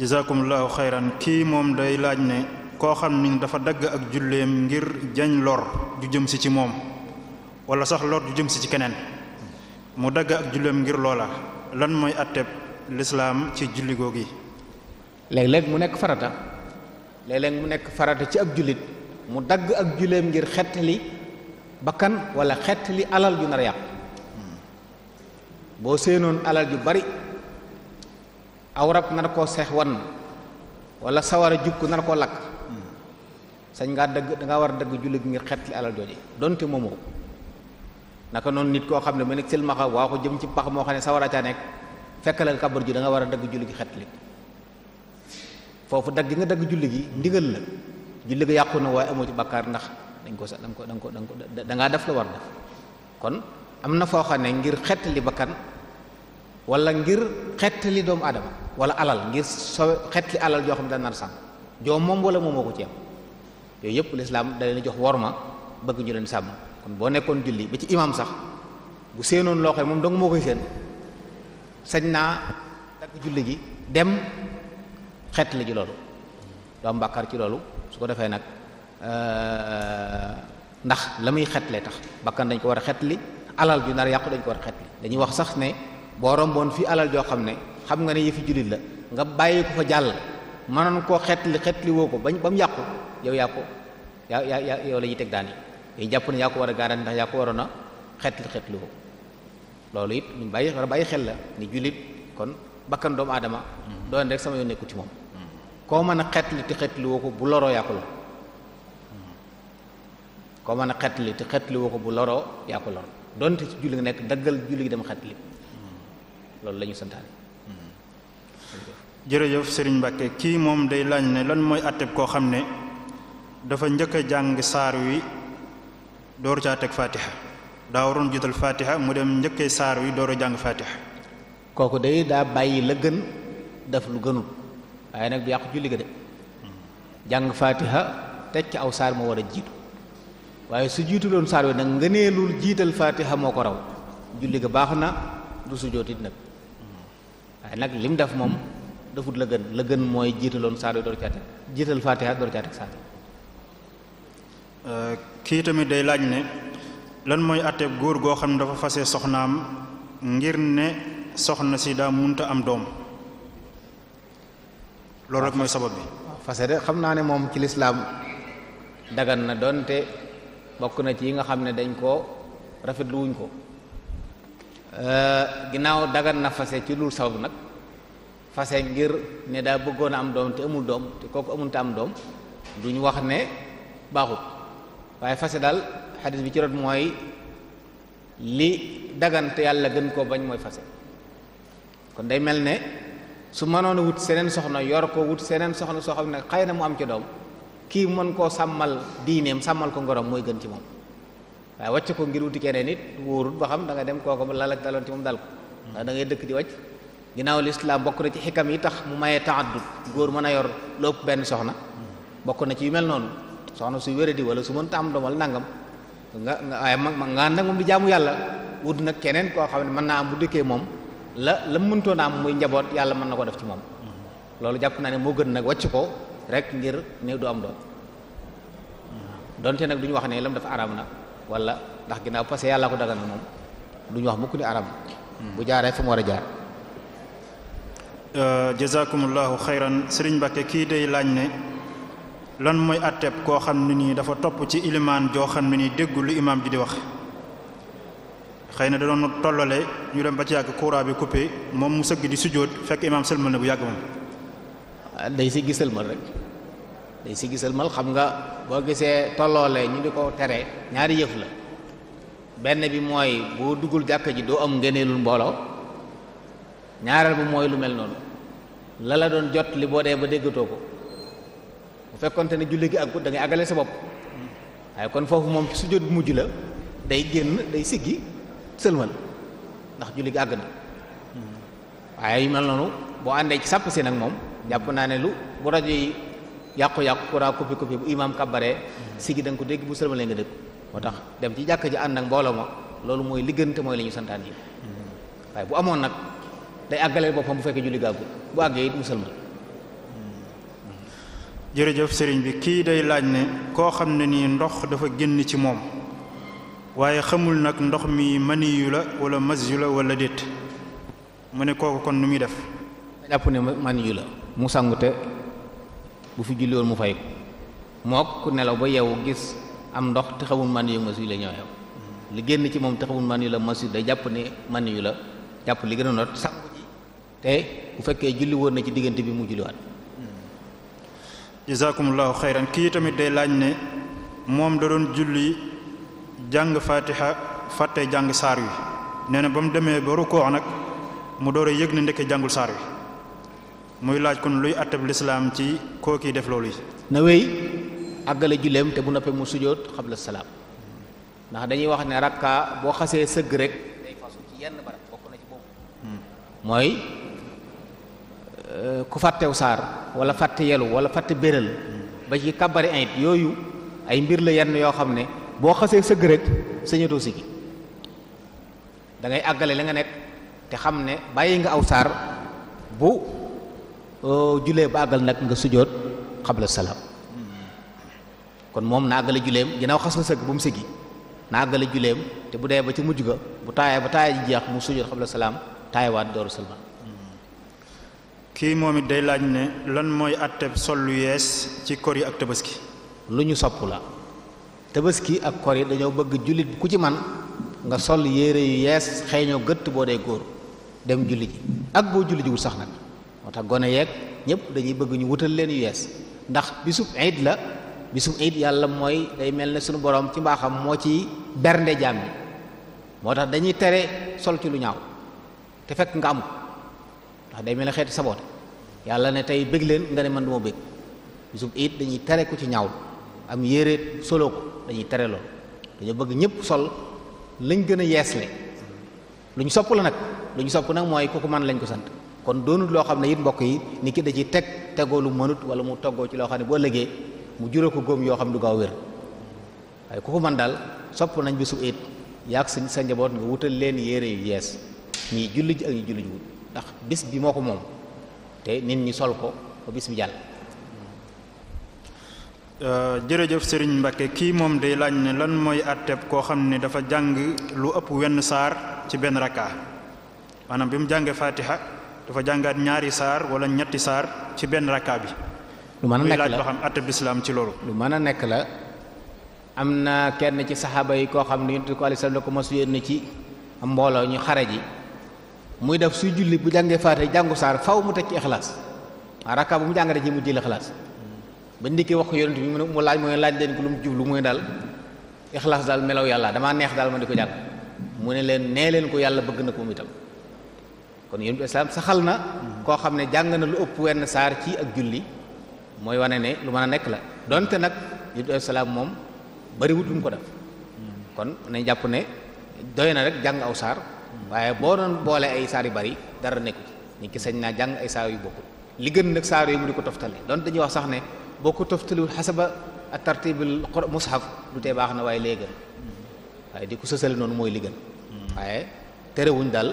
jazakumullahu xayran kii moom day laaj ne koo xam ni dafa dagg ak julleem ngir jañ lor ju jëm si ci moom wala sax lor ju jëm si ci keneen mu dagg ak julleem ngir loola lan mooy atteb lislaam ci julli googi léeg-léeg mu nekk farata léeg-léeg mu nekk farata ci ak jullit mu dagg ak julleem ngir xettali bakkan wala xettali alal ju nar yàq hmm. boo séenoon alal ju bari awrab narko nar ko seex wan wala sawara jukku nar ko lak sañ nga deug da nga war deug dëgg ngir xetli alal jooje donte momo naka non nit ko xamne ma nek sel silmaxa waa ko jëm ci pax mo xane sawara ca nek fekk la kabar ju da nga war deug dëgg julli xetli nga deug julli ndigal la julli gi na ci bakkar ndax dañ ko dañ ko dañ ko da nga def la war def kon amna fo xane ngir xettali bakkan wala ngir xettali doomu adam wala alal ngir soo xetli alal joo xam ne dana nar sàmm joo moom wala moomoo ko ci am yooyu yëpp lislaam da leen jox worma bëgg ñu leen sàmm kon boo nekkoon julli ba ci imaam sax bu séenoon loo xam moom dong moo koy séen naa dakk julli gi dem xetli ji loolu doo am ci loolu su ko defee nag euh, ndax la muy xetlee tax bakkan dañ ko war a xetli alal ju nar yàqu dañ ko war a xetli dañuy wax sax ne boo romboon fii alal joo xam ne xam nga ne yëfi jullit la nga bàyyi ko fa jàll mënoon koo xetli xetli woo ko bañ ba mu yàqu yow yaa ko yaa yaa yow la ñuy teg daan yi jàpp ne yaa ko war a garanti ndax yaa ko waroon a xetli xetli woo loolu it ñu bàyyi xel la ni jullit kon bakkan doomu aadama doon rek sama yoon nekku ci moom koo mën a xetli te ko bu loroo yaa ko koo mën a xetli te xetli woo ko bu loroo yaa donte ci julli nga nekk daggal julli gi dem xetli loolu lañuy ñu jërëjëf sëriñ Mbàkke kii moom day laaj ne lan mooy atteb koo xam ne dafa njëkk a jàng saar wi dooru caa teg fatiha daa waroon jiital fatiha mu dem njëkkee saar wi door jàng fatiha kooku day daa bàyyi la gën def lu gënul waaye nag du yàqu julli ga de jàng fatiha teg ci aw saar moo war a jiitu waaye su jiitu doon saar wi nag ngëneelul jiital fatiha moo ko raw julli ga baax na du su jootit nag waaye nag lim def moom defut la gën la gën mooy jiitaloon saar yu door caa teg jiital fatiha door caa saar euh, kii tamit day laaj ne lan mooy àtteeb góor goo xam ne dafa fase soxnaam ngir ne soxna si daa munta am doom loolu rek mooy sabab bi fase de xam naa ne moom ci lislaam dagan na doonte bokk na ci yi nga xam ne dañ koo rafetlu wuñ ko euh, ginnaaw dagan na fase ci lu sabab nag fase ngir ne daa bëggoon am doom te amul doom te kooku amul ta am doom duñ wax ne baaxut waaye fase daal xadis bi ci rot mooy li dagante yàlla gën koo bañ mooy fase kon day mel ne su mënoon a wut seneen soxna yor ko wut seneen soxna soo xam ne xëy na mu am ca doom kii mën koo sàmmal diineem sàmmal ko ngorom mooy gën ci moom waaye wàcc ko ngir wuti keneen nit wóorut ba xam dangay dem kooku ba lal daloon ci moom dal ko ndax da dëkk di wàcc ginnaaw lislaam bokk na ci xikam yi tax mu maye taaddud góor mën a yor lu benn soxna bokk na ci yu mel noonu soxna su wéradi wala su mënta am doom wala nangam nga waaye nga nag moom di jaamu yàlla wut nag keneen koo xam ne mën naa am bu dikkee moom la la mëntoon a am muy njaboot yàlla mën na ko def ci moom loolu jàpp naa ne moo gën nag wàcc ko rek ngir ni du am doom donte nag du ñu wax ne lam dafa araam na wala ndax ginnaaw parce que yàlla ko dagal moom du ñu wax mukk ni araam bu jaaree fa mu war a jaar Euh, jazakumullahu xayran sëriñ Mbàkke kii day laañ ne lan mooy àtteeb koo xam ne nii dafa topp ci ilimaan joo xam ne nii dégg lu imaam ji di wax xëy na da doon tollale ñu dem ba ci yàgg courant bi coupé moom mu sëgg di sujjóot fekk imaam sëlmal na bu yàgg moom ah, day si gisëlmal rek day si gisal gisëlmal xam nga boo gisee tolloole ñu di ko tere ñaari yëf la benn bi mooy boo duggul jàkka ji doo am ngëneelul mbooloo ñaareel bu mooy lu mel noonu la la doon jot li boo dee ba déggatoo ko bu fekkonte ne julli gi àggut da ngay àggale sa bopp waaye kon foofu moom ci sujjóot bu mujj la day génn day siggi sëlmal ndax julli gi àgg na waaye yu mel noonu boo àndee ci sàpp si nag moom jàpp naa ne lu bu rajo yi yàqu-yàqu kuraa koppi koppi bu imaam kàbbaree siggi da ko dégg bu sëlmalee nga dégg moo tax dem ci jàkk ji ànd ak mbooloo ma loolu mooy liggante mooy li ñu santaan yi day àggaleel bopam bu fekkee julli gàggul bu àggee it musulman jërëjëf sëriñ bi ki day laaj ne ko xamne ni ndox dafa génn ci mom waye xamul nak ndox mi maniyu la wala masyu la wala déet mu ne kooku kon nu def dapp ne maniyu la mu sàngute bu fi julli won mu fay mok ku nelaw ba yew gis am ndox te xamul maniyu masyu la ñoo yeew li génn ci mom te xamul maniyu la masyu day jàpp ne maniyu la jàpp li gëna not sàngu te bu fekkee julli woon na ci diggante bi mu julliwaat. jazakumullahu xayran kii tamit day laaj ne moom da doon julli jàng fatiha fàtte jàng saar wi nee na ba mu demee ba rukkoo nag mu door yëg ne ndekke jàngul saar wi muy laaj kon luy attab lislaam ci koo def loolu yi. na wéy àggale julleem te bu noppee mu sujjóot xabla salaam ndax dañuy wax ne rakka boo xasee sëgg rek hmm. mooy. Euh, ku fàttew saar wala fàtte yelu wala fàtte béral ba ci kàbbari ayit yooyu ay mbir la yenn yoo xam ne boo xasee sëgg rek sañatoo sigi da ngay àggale li nga nekk te xam ne bàyyi nga aw saar bu euh, julee ba àggal nag nga sujoot xabla salaam kon moom na àggale juleem ginnaaw xas na sëgg bu mu sigi na àggale juleem te bu dee ba ci mujj ga bu taayee ba taayee ji jeex mu sujoot xabla salaam taayewaat dooru salma kii moom it day laaj ne lan mooy àtteb sol lu yees ci kori ak tabaski lu ñu sopp la tabaski ak kori dañoo bëgg jullit ku ci man nga sol yére yu yees xeeñoo gëtt boo dee góor dem julli ji ak boo julli ji wut sax nag moo tax gone yeeg ñëpp dañuy bëgg ñu wutal leen yu yees ndax bisub iid la bisub iid yàlla mooy day mel ne suñu boroom ci mbaaxam moo ci bernde jaam bi moo tax dañuy tere sol ci lu ñaaw te fekk nga am ndax day mel ne xeeti saboote yàlla ne tey bëgg leen nga ne man du ma bëgg bisub it dañuy tere ko ci ñaaw am yére solo ko dañuy tere lool dañoo bëgg ñëpp sol lañ gën a yeesle lu luñ sopp la nag lu ñu sopp nag mooy ku mën lañ ko sant kon doonut loo xam ne it mbokk yi ni ki da ci teg tegoo lu mënut wala mu toggoo ci loo xam ne boo lëgee mu juree ko góom yoo xam ne du gaaw wér waaye ku daal sopp nañ bisub it yàgg sa sa njaboot nga wutal leen yére yu yees julli ji ak ñi ndax bis bi moo ko moom te nit ñi sol ko ba bis bi jàll. Euh, jërëjëf Serigne Mbacke kii moom day laaj ne lan mooy àtteeb koo xam ne dafa jàng lu ëpp wenn saar ci benn rakkaa maanaam bi mu jàngee Fatiha dafa jàngat ñaari saar wala ñetti saar ci benn rakkaa bi. lu mën a nekk la laaj loo xam àtteeb lislaam ci loolu. lu mën a nekk la am na kenn ci saxaaba yi koo xam ne yonent ko alayhi salaam la ko mos yónni ci mbooloo ñu xare ji. muy def suy julli bu jàngee faate jàngu saar faw mu teg ci ixlaas waaw rakka bu mu jàng da ci mu jël ixlaas ba ndikkee wax ko yonent bi mu laaj mooy laaj leen ko lu mu jublu mooy daal ixlaas daal melaw yàlla damaa neex daal ma di ko jàng mu ne leen nee leen ko yàlla bëgg na ko mu itam kon yonent bi islaam saxal na koo xam ne jàng na lu ëpp wenn saar ci ak julli mooy wane ne lu mën a nekk la donte nag yonent bi islaam moom bariwut lu mu ko def kon jàpp ne doy na rek jàng aw saar waaye boo doon boolee ay saar yu bari dara nekku ci nit sañ naa jàng ay saar yu bokkul li gën nag saar yooyu mu di ko toftale doon dañuy wax sax ne boo ko toftaliwul xasaba ak tartibul mushaf du tee baax na waaye lee gën waaye di ko sësale noonu mooy li gën waaye terewuñ dal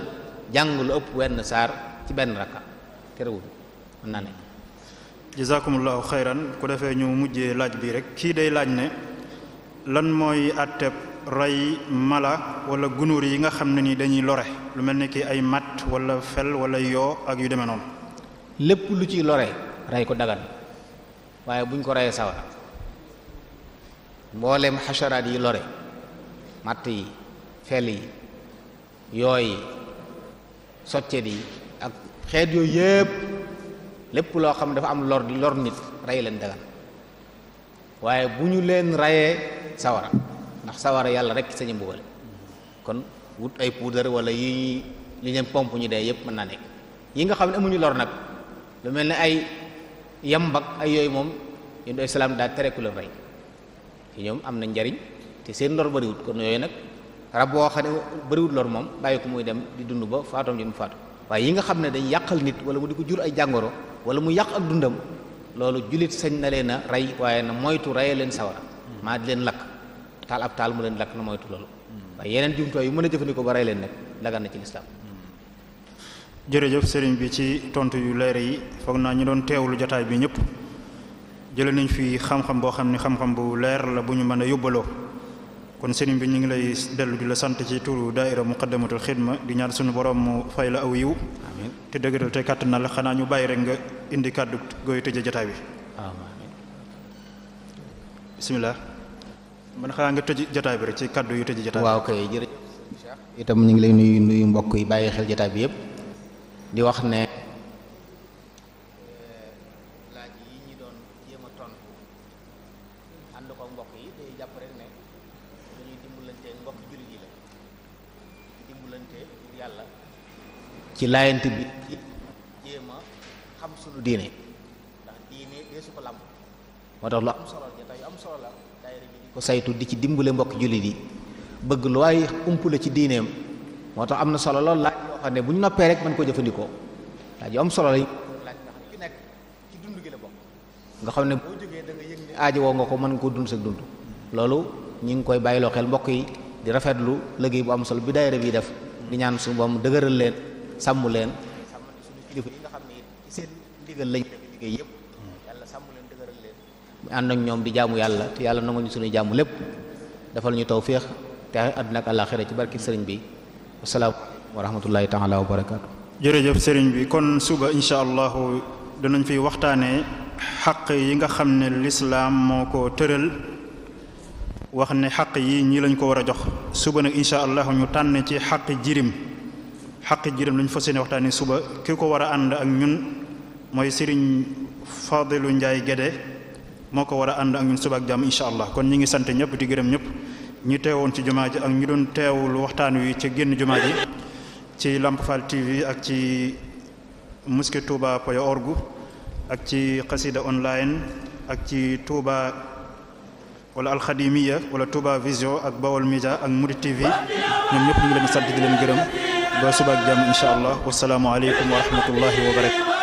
jàng lu ëpp wenn saar ci benn rakka terewuñ mën naa nekk jazakumullahu xayran ku defee ñu mujjee laaj bii rek kii day laaj ne lan mooy àtteeb roy mala wala gunóor yi nga xam ne ni dañuy lore lu mel ni ki ay matt walla fel wala yoo ak yu deme noonu. lépp lu ciy lore ray ko dagan waaye buñ ko rayee sawara mboolem xasaraat yi lore matt yi fel yi yoo yi soccet yi ak xeet yooyu yépp lépp loo xam dafa am lor di lor nit rey leen dagan waaye bu ñu leen rayee sawara ndax sawara yalla rek sañu mbugal kon wut ay poudre wala yi li leen pompe ñu dee yépp mëna nek yi nga xam amuñu lor nak lu melni ay yambak ay yoy mom yéen islam da téré ku la ray ci ñom am na té te seen lor wut kon yoy nak rab bo xane bari wut lor mom bayiko muy dem di dund ba faatoom ñu mu way yi nga xamne dañ yakal nit wala mu di jur ay jangoro wala mu yak ak dundam lolu julit sañ na rayi ray waye na moytu ray leen sawara ma di leen lak taal ab taal mu leen lakk na moytu loolu waaye yeneen jumtuwaay yu mën a jëfandikoo ba rey leen nag dagan na ci lislaam jërëjëf sëriñ bi ci tontu yu leer yi foog naa ñu doon teewlu jotaay bi ñëpp jëlee nañ fi xam-xam boo xam ne xam-xam bu leer la bu ñu mën a yóbbaloo kon sëriñ bi ñu ngi lay dellu di la sant ci turu daaira muqaddamatul xidma di ñaar suñu borom mu fay la aw yiw te dëgëral te kàtt na la xanaa ñu bàyyi rek nga indi kàddu gooy tëje jotaay bi bismillah man xala nga tëj jotaay bi rek ci kaddu yu tëj jotaay waaw kay jërëjëf itam ñu ngi lay nuyu nuyu mbokk yi bàyyi xel jotaay bi yépp di wax ne ci bi jema xam sunu diine ndax nah, diine ko lamb lu am solo ko saytu di ci dimbale mbokk jullit yi bëgg lu waaye ump la ci diineem moo tax am na solo lool laaj yoo xam ne bu ñu noppee rek mën koo jëfandikoo laaj yu am solo nga xam ne ki la bokk nga xam ne boo woo nga ko mën nga koo dund sa dund loolu ñu ngi koy bàyyiloo xel mbokk yi di rafetlu liggéey bu am solo bi daayira yi def di ñaan suñu mu dëgëral leen sàmm leen ànd ak ñoom di jaamu yàlla te yàlla nangu ñu suñuy jaamu lépp dafal ñu tawféex te àdduna ak àllaaxira ci barki sëriñ bi wasalaam wa rahmatullahi taala wa barakaatu. jërëjëf sëriñ bi kon suba incha allahu danañ fi waxtaanee xaq yi nga xam ne lislaam moo ko tëral wax ne xaq yi ñii lañ ko war a jox suba nag incha allahu ñu tànn ci xaq jirim xaq jirim lañ fas yéene waxtaanee suba ki ko war a ànd ak ñun mooy sëriñ Fadilu Njaay Gédé moo ko war a ànd ak ñun suba ak jàmm incha allah kon ñi ngi sant ñëpp di gërëm ñëpp ñi teewoon ci jumaa ji ak ñu doon teewul waxtaan wi ci génn jumaa ji ci Lamp TV ak ci mosquée Touba Poyo orgu ak ci xasida online ak ci Touba wala alxadimiya wala Touba Vision ak Bawol misa ak Mouride TV ñoom ñëpp ñu ngi leen sant di leen gërëm ba suba ak jàmm allah wasalaamualeykum wa rahmatullahi wa